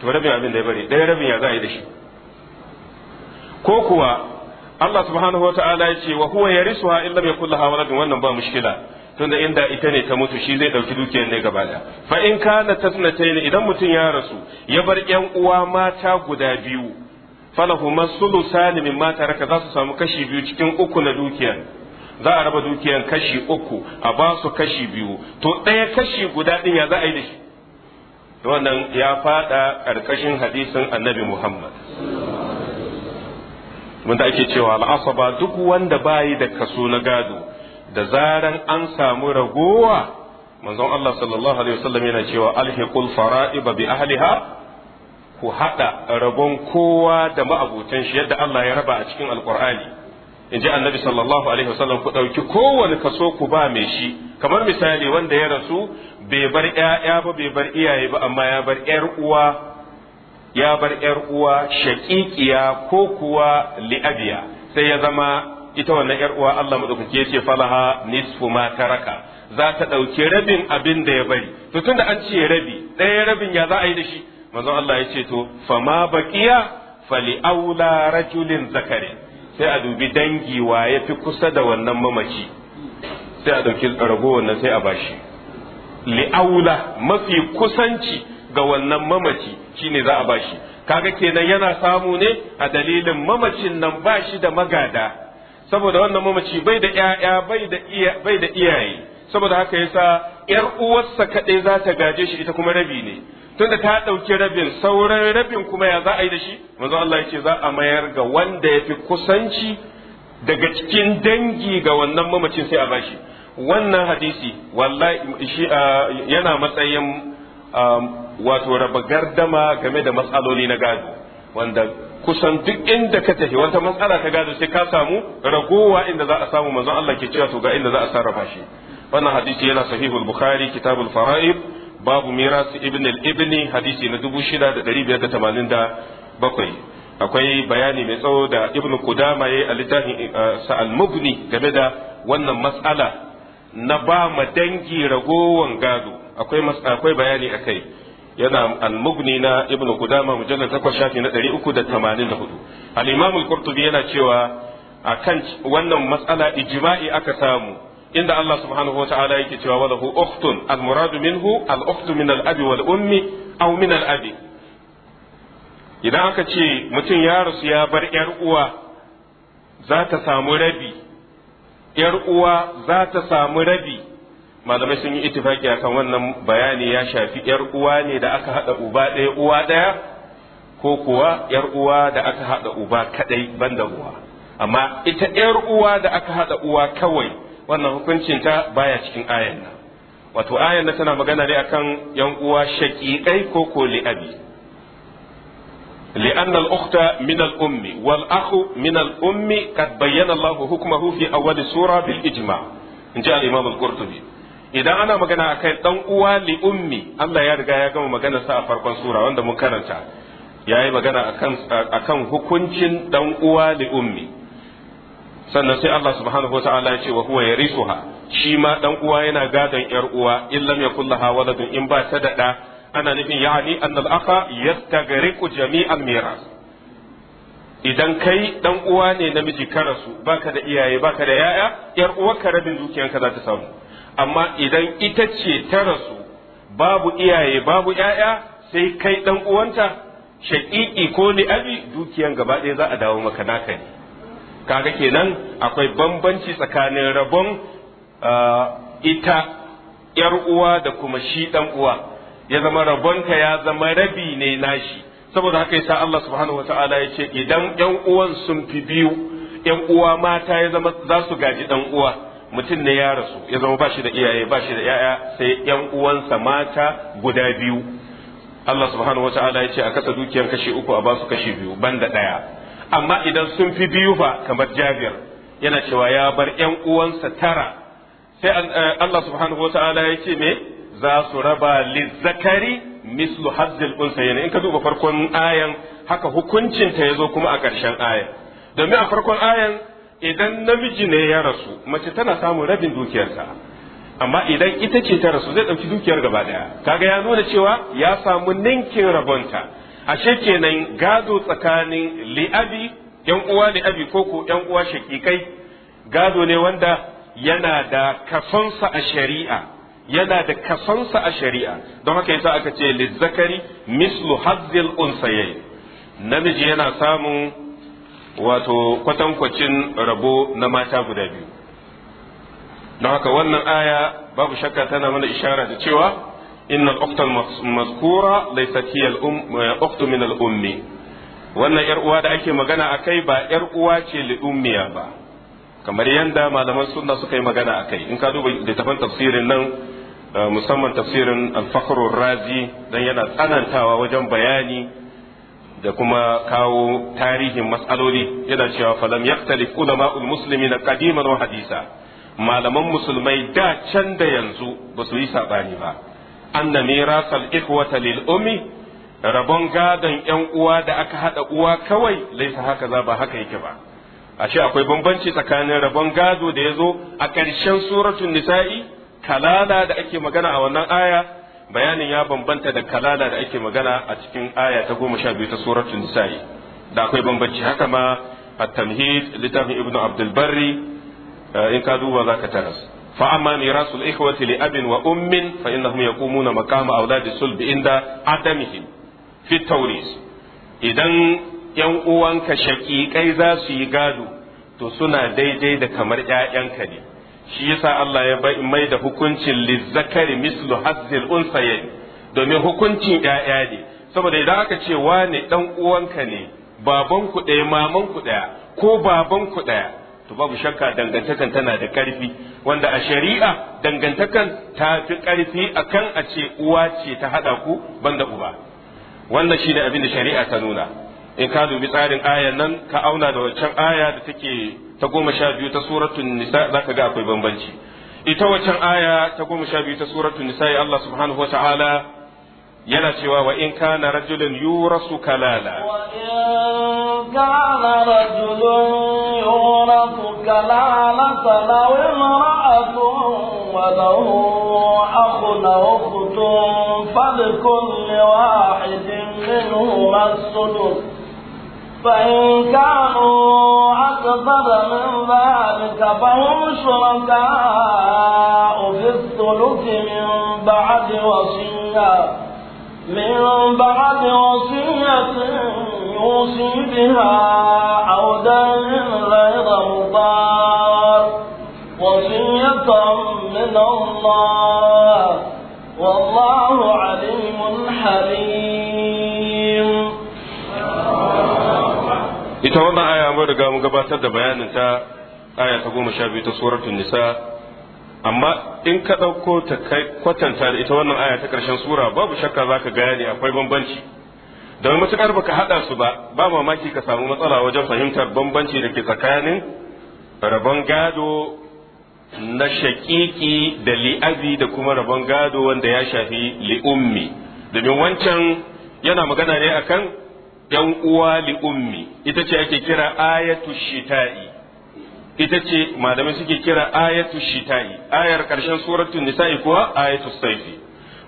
to rabin abin da ya bari ɗaya rabin ya za a yi da shi ko kuwa Allah subhanahu wa ta'ala ya ce wa huwa yarisuha illa bai kullaha rabin wannan ba mushkila da inda ita ne ta mutu shi zai ɗauki dukiyar ne gaba da fa in kana tasnatayn idan mutum ya rasu ya bar 'yan uwa mata guda biyu falahu masulu salimin mata raka za su samu kashi biyu cikin uku na dukiyar za a raba dukiyar kashi uku a ba su kashi biyu to ɗaya kashi guda ɗin ya za a yi da shi wannan ya faɗa ƙarƙashin hadisin annabi muhammad wanda ake cewa al'asaba duk wanda bayi da kaso na gado da zaran an samu ragowa manzon Allah sallallahu alaihi wasallam yana cewa alhiqul fara'iba bi ahliha ku hada rabon kowa da ma'abutan shi yadda Allah ya raba a cikin alqur'ani in ji annabi sallallahu alaihi wasallam ku ɗauki kowane kaso ku ba mai shi kamar misali wanda ya rasu bai bar 'ya'ya ba bai bar iyaye ba amma ya bar ƴar uwa ya bar 'yaruwa uwa shaƙiƙiya ko kuwa li'abiya sai ya zama ita wannan ƴar uwa Allah madaukake yace falaha nisfu ma taraka za ta ɗauki rabin abin da ya bari to tunda an ce rabi ɗaya rabin ya za a yi da shi manzon Allah ya ce to fama baqiya fali aula rajulin zakari sai a dubi dangi wa ya fi kusa da wannan mamaci sai a ɗauki rago wannan sai a bashi li'aula mafi kusanci ga wannan mamaci shine za a bashi kaga kenan yana samu ne a dalilin mamacin nan bashi da magada saboda wannan mamaci bai da ƴaƴa bai da iyaye saboda haka yasa ƴar uwarsa kaɗai za ta gaje shi ita kuma rabi ne tunda ta ɗauki rabin sauran rabin kuma ya za a yi da shi manzo Allah ya za a mayar ga wanda ya fi kusanci daga cikin dangi ga wannan mamacin sai a bashi wannan hadisi wallahi shi yana matsayin wato raba gardama game da matsaloli na gado wanda kusan duk inda ka tafi wata matsala ta gado sai ka samu ragowa inda za a samu manzo Allah ke cewa to ga inda za a sarrafa shi wannan hadisi yana sahihul bukhari kitabul fara'id babu mirasu ibn al-ibni hadisi na 6587 akwai bayani mai tsawo da ibn kudama yayi a littafin eh, sa'al mubni game da wannan mas'ala na ba ma dangi ragowan gado akwai akwai bayani akai yana al-mubni na ibn kudama mujallal takwas shafi na 384 al-imam al-qurtubi yana cewa akan wannan mas'ala ijma'i aka samu inda Allah subhanahu wa ta'ala yake cewa wa lahu ukhtun al muradu minhu al ukhtu min al abi wal ummi aw min al abi idan aka ce mutum ya rasu ya bar yar uwa za ta samu rabi yar uwa za ta samu rabi malamai sun yi ittifaki akan wannan bayani ya shafi yar uwa ne da aka hada uba ɗaya uwa ɗaya ko kuwa yar uwa da aka hada uba kadai banda uwa amma ita yar uwa da aka hada uwa kawai wannan hukuncin ta baya cikin ayan nan wato ayan nan tana magana ne akan yan uwa shaqiqai ko ko li'abi لأن الأخت من الأم والأخ من الأم قد بين الله حكمه في أول سورة بالإجماع إن جاء الإمام القرطبي إذا أنا مجانا أكيد دون أوا لأمي الله يرجع يقوم مجانا سأفرقون سورة وأنا مكرنتا ya yi magana a kan hukuncin dan uwa li ummi sannan sai Allah subhanahu ta'ala ya ce wa huwa yarisuha shi ma dan uwa yana gadon yar uwa in lam yakul laha waladun in ba ta da ana nufin yani an al-akha yastagriqu jami'an miras idan kai dan uwa ne namiji ka rasu baka da iyaye baka da yaya yar ka rabin ka za ta samu amma idan ita ce ta rasu babu iyaye babu yaya sai kai dan uwanta shaƙiƙi ko ni abi dukiyan gaba ɗaya za a dawo maka naka ne kaga kenan akwai bambanci tsakanin rabon ah, ita yar uwa da kuma shi dan uwa ya zama rabonka ya zama rabi ne nashi saboda haka yasa Allah subhanahu wataala ya ce idan yan uwan sun fi biyu yan uwa mata ya zama za su gaji dan uwa mutum ne ya rasu ya zama bashi da iyaye bashi da yaya sai yan uwansa mata guda biyu Allah subhanahu wataala ya ce a kasa dukiyar kashi uku a basu kashi biyu banda daya amma idan sun fi biyu fa kamar jabir yana cewa ya bar yan uwansa tara sai eh, Allah subhanahu wataala ya ce me za su raba lizzakari mislu hazzil yana in ka duba farkon ayan haka hukuncinta ya zo kuma a ƙarshen ayan domin a farkon ayan idan namiji ne ya rasu mace tana samun rabin dukiyarsa amma idan ita ce ta rasu zai ɗauki dukiyar gaba ɗaya kaga ya nuna cewa ya samu ninkin rabonta ashe kenan gado tsakanin li'abi yan uwa li'abi ko ko yan uwa shakikai gado ne wanda yana da kasonsa a shari'a yana da kasonsa a shari'a don haka yasa aka ce zakari mislu hazzil unsayayi namiji yana samun wato kwatankwacin rabo na mata guda biyu don haka wannan aya babu shakka tana mana ishara da cewa إن الأخت المذكورة ليست هي الأم أخت wannan ‘yar uwa da ake magana a kai ba ‘yar uwa ce li'ummiya ba kamar yadda malaman suna suka yi magana a kai in ka duba littafin tafsirin nan musamman tafsirin alfakarun razi don yana tsanantawa wajen bayani da kuma kawo tarihin matsaloli yana cewa falam yaktalif ulama muslimi na kadiman hadisa malaman musulmai da can da yanzu ba su yi saɓani ba anna mirasal ikhwata lil ummi rabon gadon yan uwa da aka hada uwa kawai laisa haka za ba haka yake ba ashe akwai bambanci tsakanin rabon gado da yazo a karshen suratul nisa'i kalala da ake magana a wannan aya bayanin ya bambanta da kalala da ake magana a cikin aya ta goma sha biyu ta suratul nisa'i da akwai bambanci haka ma at-tamhid littafin ibnu abdul barri eh, in ka duba zaka taras فأما ميراث الإخوة لأب وأم فإنهم يقومون مقام أولاد الصلب عند عدمهم في التوريث idan ‘yan uwanka shaƙiƙai za su yi gado to suna daidai da kamar ‘ya'yanka ne shi yasa Allah ya bai mai da hukuncin lizzakari mislu hazzil unsayen domin hukuncin ‘ya'ya ne saboda idan aka ce wane ɗan uwanka ne babanku ɗaya maman ku ɗaya ko babanku ɗaya to babu shakka dangantakan tana da ƙarfi wanda a shari'a dangantakan ta fi ƙarfi akan a ce uwa ce ta haɗa ku banda uba wannan shine abin da shari'a ta nuna in ka dubi tsarin ayan nan ka auna da waccan aya da take ta goma sha biyu ta suratun nisa za ka ga akwai bambanci ita waccan aya ta goma sha biyu ta suratun nisa Allah subhanahu wa ta'ala yana cewa wa in kana rajulun yurasu kalala كان رجل يورث كلالة أو امرأة وله أخ أو أخت فلكل واحد منهما السدس فإن كانوا أكثر من ذلك فهم شركاء في الثلث من بعد وصية من بعد وصية يوصي بها أو دين غير مضار وصية من الله والله عليم حليم ita wannan aya mun riga mun gabatar da bayanin ta aya ta goma sha biyu ta suratul nisa amma in ka ɗauko ta kwatanta da ita wannan aya ta ƙarshen sura babu shakka za ka gane akwai bambanci don matukar baka haɗa su ba ba mamaki ka samu matsala wajen fahimtar bambanci da ke tsakanin rabon gado na shaƙiƙi da li'azi da kuma rabon gado wanda ya shafi li'ummi domin wancan yana magana ne akan yan uwa li'ummi ita ce ake kira ayatu shita'i ita ce malamai suke kira ayatu shita'i ayar ƙarshen suratul nisa'i kuwa ayatu saifi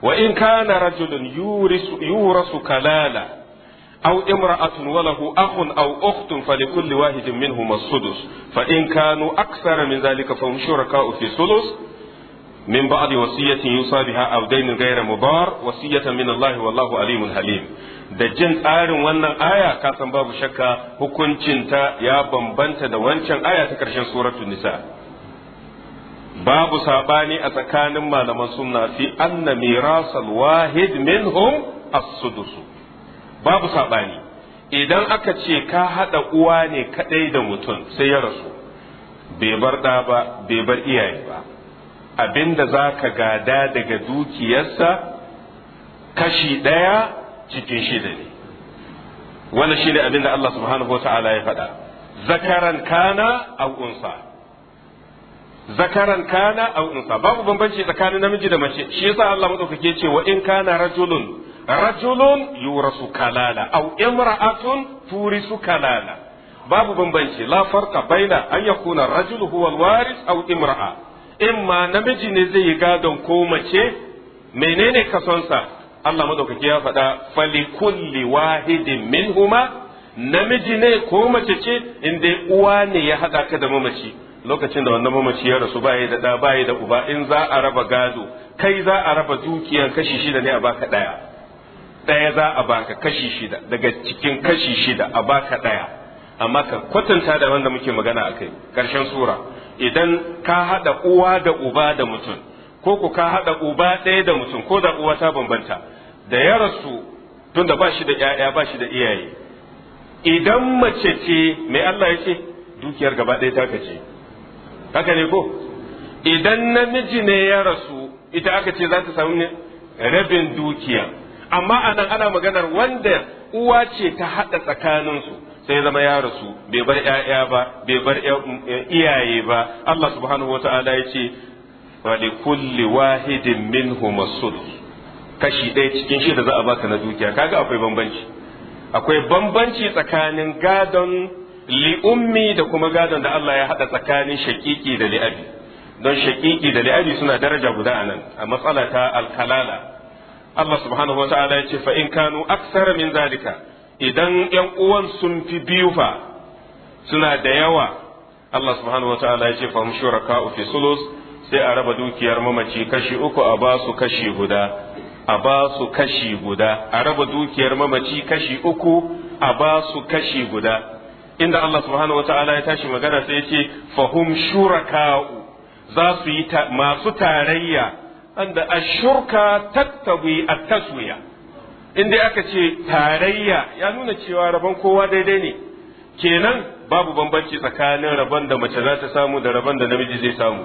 wa in kana rajulun yurasu kalala أو امرأة وله أخ أو أخت فلكل واحد منهما السدس فإن كانوا أكثر من ذلك فهم شركاء في الثلث من بعد وصية يوصى بها أو دين غير مضار وصية من الله والله عليم حليم da jin tsarin wannan aya ka san babu shakka hukuncinta ya bambanta da wancan aya ta ƙarshen suratun nisa babu saɓani a tsakanin malaman sunna fi anna mirasal wahid minhum as-sudusu babu saɓani idan aka ce ka haɗa uwa ne kaɗai da mutum sai ya rasu bai bar ɗa ba bai bar iyaye ba abinda za ka gada daga dukiyarsa kashi ɗaya cikin shida ne wannan shi ne abinda Allah subhanahu wa ta'ala ya faɗa zakaran kana a unsa zakaran kana aw unsa babu bambanci tsakanin namiji da mace shi yasa Allah madaukake ce wa in kana rajulun rajulun yurasu kalala aw imra'atun turisu kalala babu bambanci la farqa baina an yakuna rajul huwa waris aw imra'a imma namiji ne zai yi gadon ko mace menene kasonsa Allah madaukaki ya faɗa fali kulli wahidin minhuma namiji ne ko mace ce in dai uwa ne ya haɗa ka da mamaci lokacin da wannan mamaci ya rasu baya da ɗa baya da uba in za a raba gado kai za a raba dukiyan kashi shida ne a baka ɗaya ɗaya za a baka kashi shida daga cikin kashi shida a baka ɗaya amma ka kwatanta da wanda muke magana a kai ƙarshen sura idan ka haɗa uwa da uba da mutum ko ku ka haɗa uba ɗaya da mutum ko da uwa ta bambanta da ya rasu tun da ba shi da ƴaƴa ba shi da iyaye idan mace ce mai Allah ya ce dukiyar gaba ɗaya ta ce haka ne ko idan namiji ne ya rasu ita aka ce za ta samu rabin dukiya amma anan ana maganar wanda uwa ce ta haɗa tsakaninsu sai zama ya rasu bai bar ‘ya'ya ba bai bar eh, iyaye ba Allah subhanahu wa ta'ala ya ce kulli wahidin min as kashi ɗaya cikin da za a baka na dukiya kaga akwai bambanci akwai bambanci tsakanin gadon li'ummi da kuma gadon da Allah ya haɗa tsakanin shakiki da li'abi don shakiki da li'abi suna daraja guda anan a matsala ta alkalala Allah subhanahu wa ta'ala ya ce fa in kanu aksara min zalika idan yan uwan sun fi biyu fa suna da yawa Allah subhanahu wa ta'ala ya ce fa shuraka fi sulus sai a raba dukiyar mamaci kashi uku a ba su kashi guda a ba su kashi guda a raba dukiyar mamaci kashi uku a ba su kashi guda inda Allah subhanahu wa ta'ala ya tashi magana sai ya ce fahum shuraka'u za su yi masu tarayya Anda ashurka tattabi a taswiya inda aka ce tarayya ya nuna cewa rabon kowa daidai ne kenan babu bambanci tsakanin rabon da mace za ta samu da rabon da namiji zai samu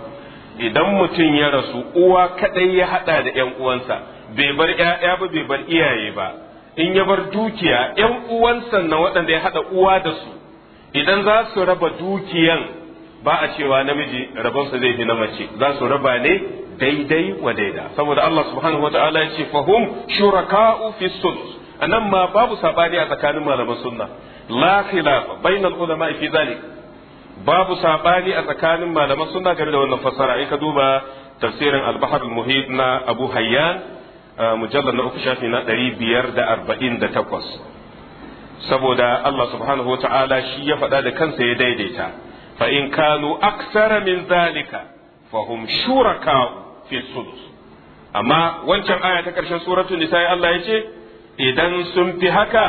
idan mutum ya rasu uwa kadai ya hada da yan uwansa bai bar 'ya'ya ba bai bar iyaye ba in ya bar dukiya yan uwansa na waɗanda ya hada uwa da su idan za su raba dukiyan ba a cewa namiji rabonsa zai fi na mace za su raba ne daidai wa daida saboda Allah subhanahu wataala ya ce fahum shuraka'u fi sulus anan ma babu sabani a tsakanin malaman sunna la khilafa bainal ulama fi zalik babu sabani a tsakanin malaman sunna game da wannan fassara in ka duba tafsirin al-bahr al-muhit na Abu Hayyan mujallal na uku shafi na 548 saboda Allah subhanahu wata'ala shi ya faɗa da kansa ya daidaita fa in kanu aksara min zalika fahum hum shuraka'u fi amma wancan aya ta ƙarshen suratun nisa'i Allah ya ce idan sun fi haka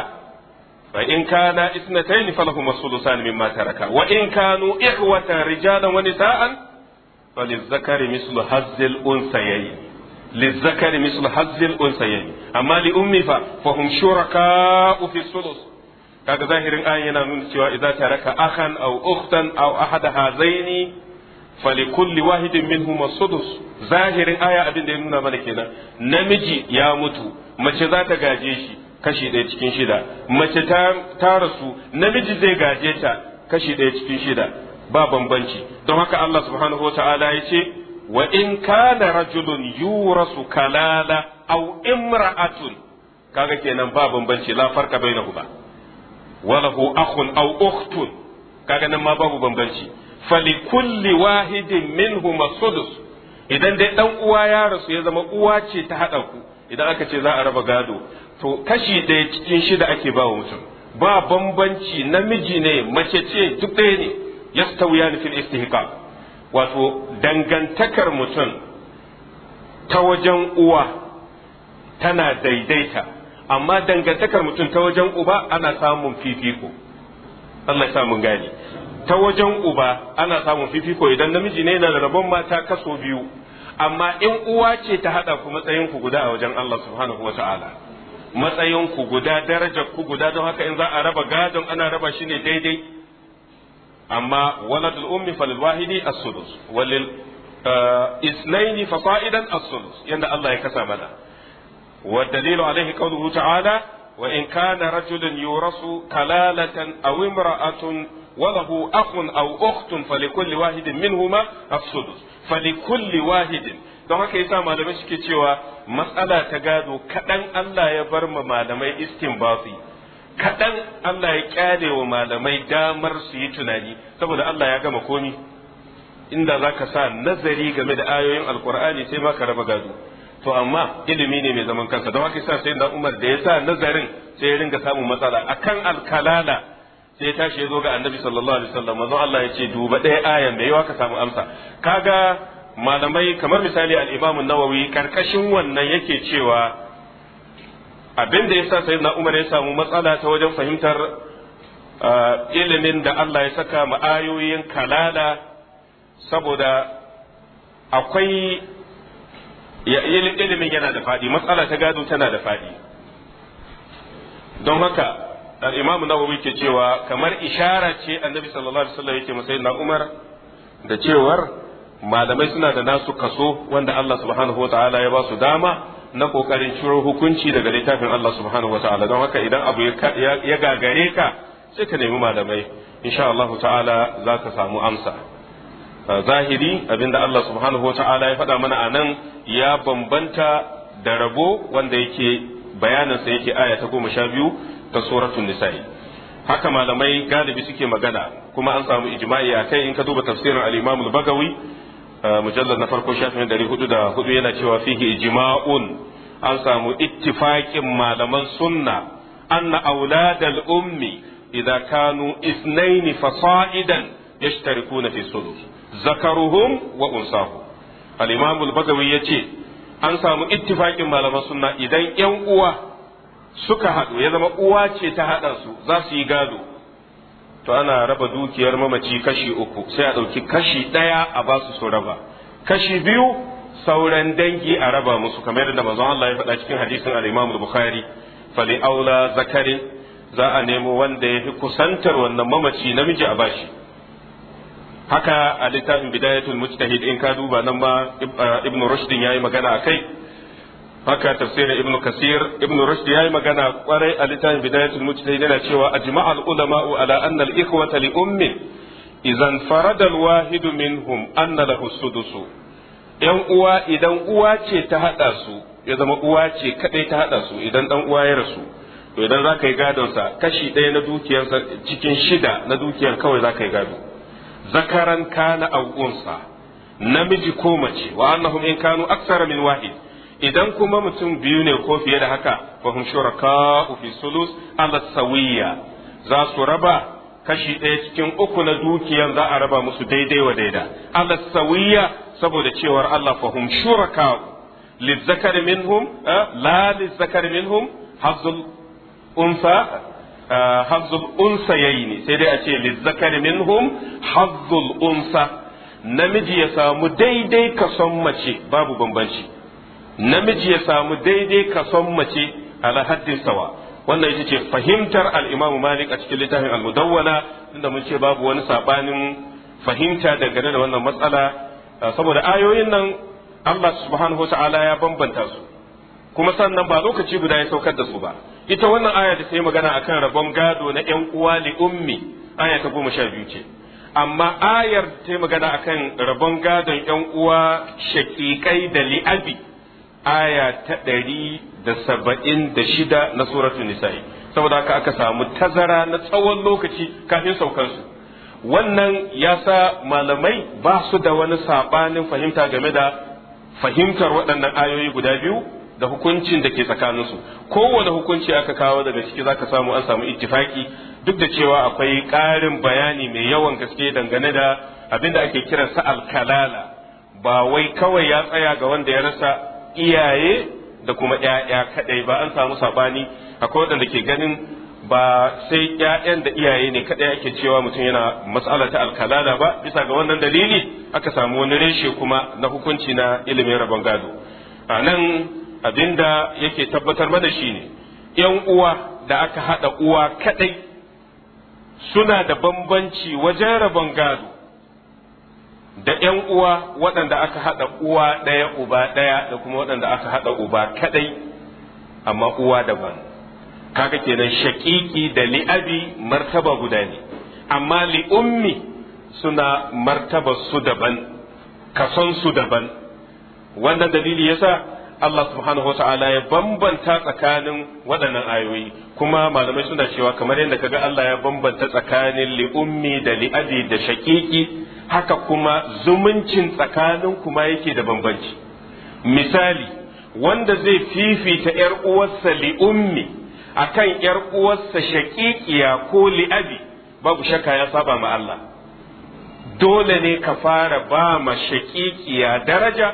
fa in kana isnatayn falahum as mimma taraka wa in kanu ikhwatan rijalan wa nisa'an falizzakari mislu hazzil unsayayn kaga zahirin ayan yana nuna cewa idza taraka akhan aw ukhtan falikulli wahidin minhum sudus zahirin aya abin da ya nuna mana kenan namiji ya mutu mace za ta gaje shi kashi ɗaya cikin shida mace ta rasu namiji zai gaje ta kashi ɗaya cikin shida ba bambanci don haka Allah subhanahu wa ta'ala ya ce wa in kana rajulun yurasu kalala aw imra'atun kaga kenan ba bambanci la farka ba wa lahu akhun aw ukhtun kaga nan ma babu bambanci falikulli wahidin minhum sudus idan dai dan uwa ya rasu ya zama uwa ce ta hada ku idan aka ce za a raba gado to kashi ɗaya cikin shida ake ba wa mutum ba bambanci namiji ne mace ce duk ɗaya ne ni fil istihqa wato dangantakar mutum ta wajen uwa tana daidaita amma dangantakar mutum ta wajen uba ana samun fifiko Allah ya sa mun ta wajen uba ana samun fifiko idan namiji ne na rabon mata kaso biyu amma in uwa ce ta haɗa ku matsayin ku guda a wajen Allah subhanahu wa ta'ala matsayin ku guda darajar ku guda don haka in za a raba gadon ana raba shi ne daidai amma waladul ummi falil wahidi as-sudus walil اثنين فصائدا الثلث يند الله يكسى منا والدليل عليه قوله تعالى وإن كان رجل يورث kalalatan أو امرأة وله أخ أو أخت فلكل واحد منهما السدس فلكل واحد don haka yasa malamai suke cewa matsala ta gado kaɗan Allah ya bar ma malamai istinbafi kaɗan Allah ya kyale wa malamai damar su yi tunani saboda Allah ya gama komi inda za ka sa nazari game da ayoyin alkur'ani sai ma ka raba gado to amma ilimi ne mai zaman kansa don haka yasa sai da Umar da ya sa nazarin sai ya ringa samun matsala akan alkalala sai tashi ya zo ga annabi sallallahu alaihi wasallam manzo Allah ya ce duba ɗaya ayan da yawa ka samu amsa kaga malamai kamar misali al-Imam nawawi karkashin wannan yake cewa abin da yasa sayyidina Umar ya samu matsala ta wajen fahimtar uh, ilimin da Allah ya saka ma ayoyin kalala saboda akwai ilimin yana da faɗi matsala ta gado tana da faɗi don haka al na nawawi ke cewa kamar ishara ce annabi sallallahu alaihi wasallam yake masai umar da cewar malamai suna da nasu kaso wanda Allah subhanahu wataala ya ba su dama na kokarin ciro hukunci daga littafin Allah subhanahu wataala don haka idan abu ya gagare ka sai ka nemi malamai insha Allah ta'ala za ka samu amsa zahiri abinda Allah subhanahu wataala ya faɗa mana anan ya bambanta da rabo wanda yake bayaninsa yake aya ta goma sha biyu ta suratul nisa'i haka malamai galibi suke magana kuma an samu ijma'i a kai in ka duba tafsirin al-imam al-bagawi mujallad na farko shafin 404 yana cewa fihi ijma'un an samu ittifaqin malaman sunna anna auladal ummi idza kanu ithnain fasa'idan yashtarikuna fi sulus zakaruhum wa unsahu al-imam al-bagawi yace an samu ittifaqin malaman sunna idan yan uwa suka haɗu ya zama uwa ce ta haɗa su za su yi gado to ana raba dukiyar mamaci kashi uku sai a ɗauki kashi ɗaya a ba su su raba kashi biyu sauran dangi a raba musu kamar yadda manzon Allah ya faɗa cikin hadisin al-Imam Bukhari li aula zakari za a nemo wanda ya fi kusantar wannan mamaci namiji a bashi haka a littafin bidayatul mujtahid in ka duba nan ma ibnu ya yayi magana akai haka tafsirin ibnu kasir ibnu rushd yayi magana kwarai a littafin bidayatul mujtahid yana cewa ajma'al ulama'u ala anna al ikhwata li ummi idan farada al wahid minhum anna lahu sudusu yan uwa idan uwa ce ta hada su ya zama uwa ce kadai ta hada su idan dan uwa ya rasu to idan zaka yi gadon sa kashi daya na dukiyarsa cikin shida na dukiyar kawai zaka yi gado zakaran kana au unsa namiji ko mace wa annahum in kanu aksara min wahid idan kuma mutum biyu ne ko fiye da haka fahum shuraka fi sulus ala sawiya za su raba kashi ɗaya cikin uku na dukiyan za a raba musu daidai wa daida ala sawiya saboda cewar Allah fahum shuraka lizzakar minhum eh, la lizzakar minhum hazzul unsa eh, hazzul unsa yayi sai dai a ce lizzakar minhum hazzul unsa namiji ya samu daidai kason mace babu bambanci namiji ya samu daidai kason mace ala haddin sawa wannan ita ce fahimtar al-Imam Malik a cikin littafin al-Mudawwala inda mun ce babu wani sabanin fahimta dangane da wannan matsala saboda ayoyin nan Allah subhanahu ta'ala ya bambanta su kuma sannan ba lokaci guda ya saukar da su ba ita wannan aya da ta magana akan rabon gado na yan uwa li ummi aya ta goma sha biyu ce amma ayar ta magana akan rabon gadon yan uwa shakikai da li'abi aya ta ɗari da saba'in da shida na suratu nisa'i saboda haka aka samu tazara na tsawon lokaci kafin saukansu wannan ya sa malamai ba su da wani saɓanin fahimta game da fahimtar waɗannan ayoyi guda biyu da hukuncin da ke tsakaninsu kowane hukunci aka kawo daga ciki zaka samu an samu ittifaki duk da cewa akwai ƙarin bayani mai yawan gaske dangane da abin da ake kiransa alkalala ba wai kawai ya tsaya ga wanda ya rasa iyaye da kuma ‘ya'ya kaɗai ba an samu sabani akwai waɗanda ke ganin ba sai ‘ya'yan da iyaye ne kaɗai ake cewa mutum yana mas'alata ta alkalala ba bisa ga wannan dalili aka samu wani reshe kuma na hukunci na ilimin rabon gado a nan abin da yake tabbatar mana shi ne ‘yan uwa da aka haɗa uwa kaɗai suna da bambanci wajen rabon gado da ‘yan uwa waɗanda aka haɗa uwa ɗaya uba ɗaya da kuma waɗanda aka haɗa uba kaɗai amma uwa daban kaga kenan shaƙiƙi da li'abi martaba guda ne amma li'ummi suna martaba su daban kason su daban wannan dalili yasa Allah subhanahu wa ya bambanta tsakanin waɗannan ayoyi kuma malamai suna cewa kamar yadda kaga Allah ya bambanta tsakanin li'ummi da li'abi da shaƙiƙi haka kuma zumuncin tsakanin kuma yake da bambanci misali wanda zai fifita ‘yar uwarsa li'ummi a kan ‘yar uwarsa shaƙiƙiya ko li'abi babu shakka ya saba ma Allah dole ne ka fara ba ma shaƙiƙiya daraja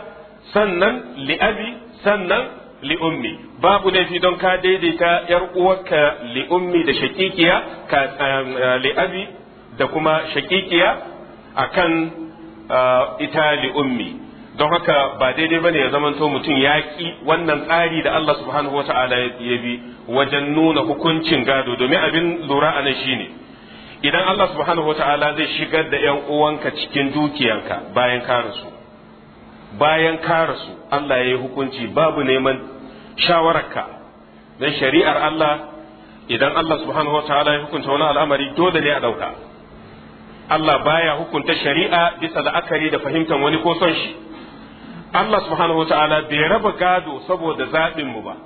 sannan li'abi sannan li'ummi babu laifi don ka daidaita ‘yar uwarka li'ummi da li eh, li'abi da kuma shaƙiƙiya akan uh, itali ummi don haka ba daidai bane ya zamanto mutum ya wannan tsari da Allah subhanahu wata'ala ya bi wajen nuna hukuncin gado domin abin lura a nan shine idan Allah subhanahu wata'ala zai shigar da yan uwanka cikin dukiyanka bayan ka rasu bayan ka rasu Allah ya yi hukunci babu neman shawararka dan shari'ar Allah idan Allah subhanahu wata'ala ya hukunta wani al'amari dole ne a dauka Allah baya hukunta shari'a bisa la'akari da fahimtar wani ko son shi Allah subhanahu wataala bai raba gado saboda zaɓin mu ba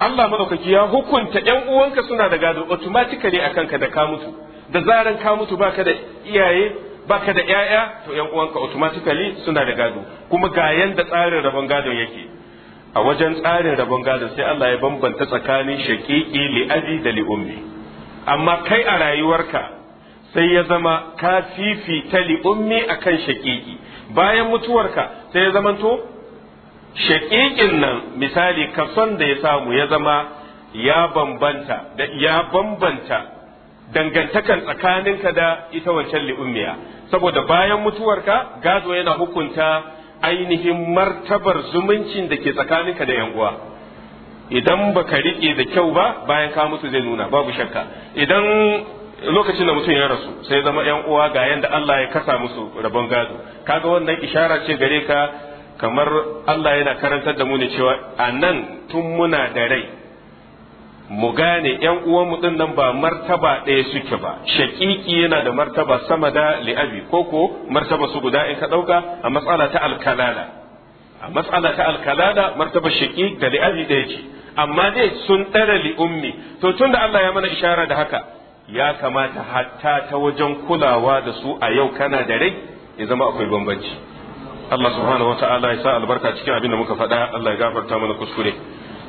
Allah madaukaki ya hukunta ƴan uwanka suna da gado automatically akan ka da ka mutu da zaran ka mutu baka da iyaye baka da 'ya'ya, to ƴan uwanka automatically suna da gado kuma ga yanda tsarin rabon gado yake a wajen tsarin rabon gado sai Allah ya bambanta tsakanin shaqiqi li da li'ummi. amma kai a rayuwarka sai ya zama ka fifita li ummi akan shaƙiƙi bayan mutuwarka sai ya zamanto shaƙiƙin nan misali kason da ya samu ya zama ya bambanta da ya bambanta dangantakan tsakaninka da ita wancan li'ummiya saboda bayan mutuwarka gado yana hukunta ainihin martabar zumuncin da ke tsakaninka da yan uwa idan baka riƙe da kyau ba bayan ka mutu zai nuna babu shakka idan lokacin da mutum ya rasu sai zama yan uwa ga yanda Allah ya kasa musu rabon gado kaga wannan ishara ce gare ka kamar Allah yana karantar da mu ne cewa a nan tun muna da rai mu gane yan uwan mu din nan ba martaba ɗaya suke ba shaƙiƙi yana da martaba sama da li'abi koko martaba su guda in ka ɗauka a matsala ta alkalala a matsala ta alkalala martaba shaƙiƙ da li'abi ɗaya ce amma dai sun ɗara li'ummi to tunda Allah ya mana ishara da haka ya kamata hatta ta wajen kulawa da su a yau kana da rai ya zama akwai bambanci Allah subhanahu wa ta'ala ya sa albarka cikin abin da muka faɗa Allah ya gafarta mana kuskure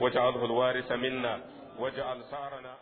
واجعله الوارث منا واجعل ثارنا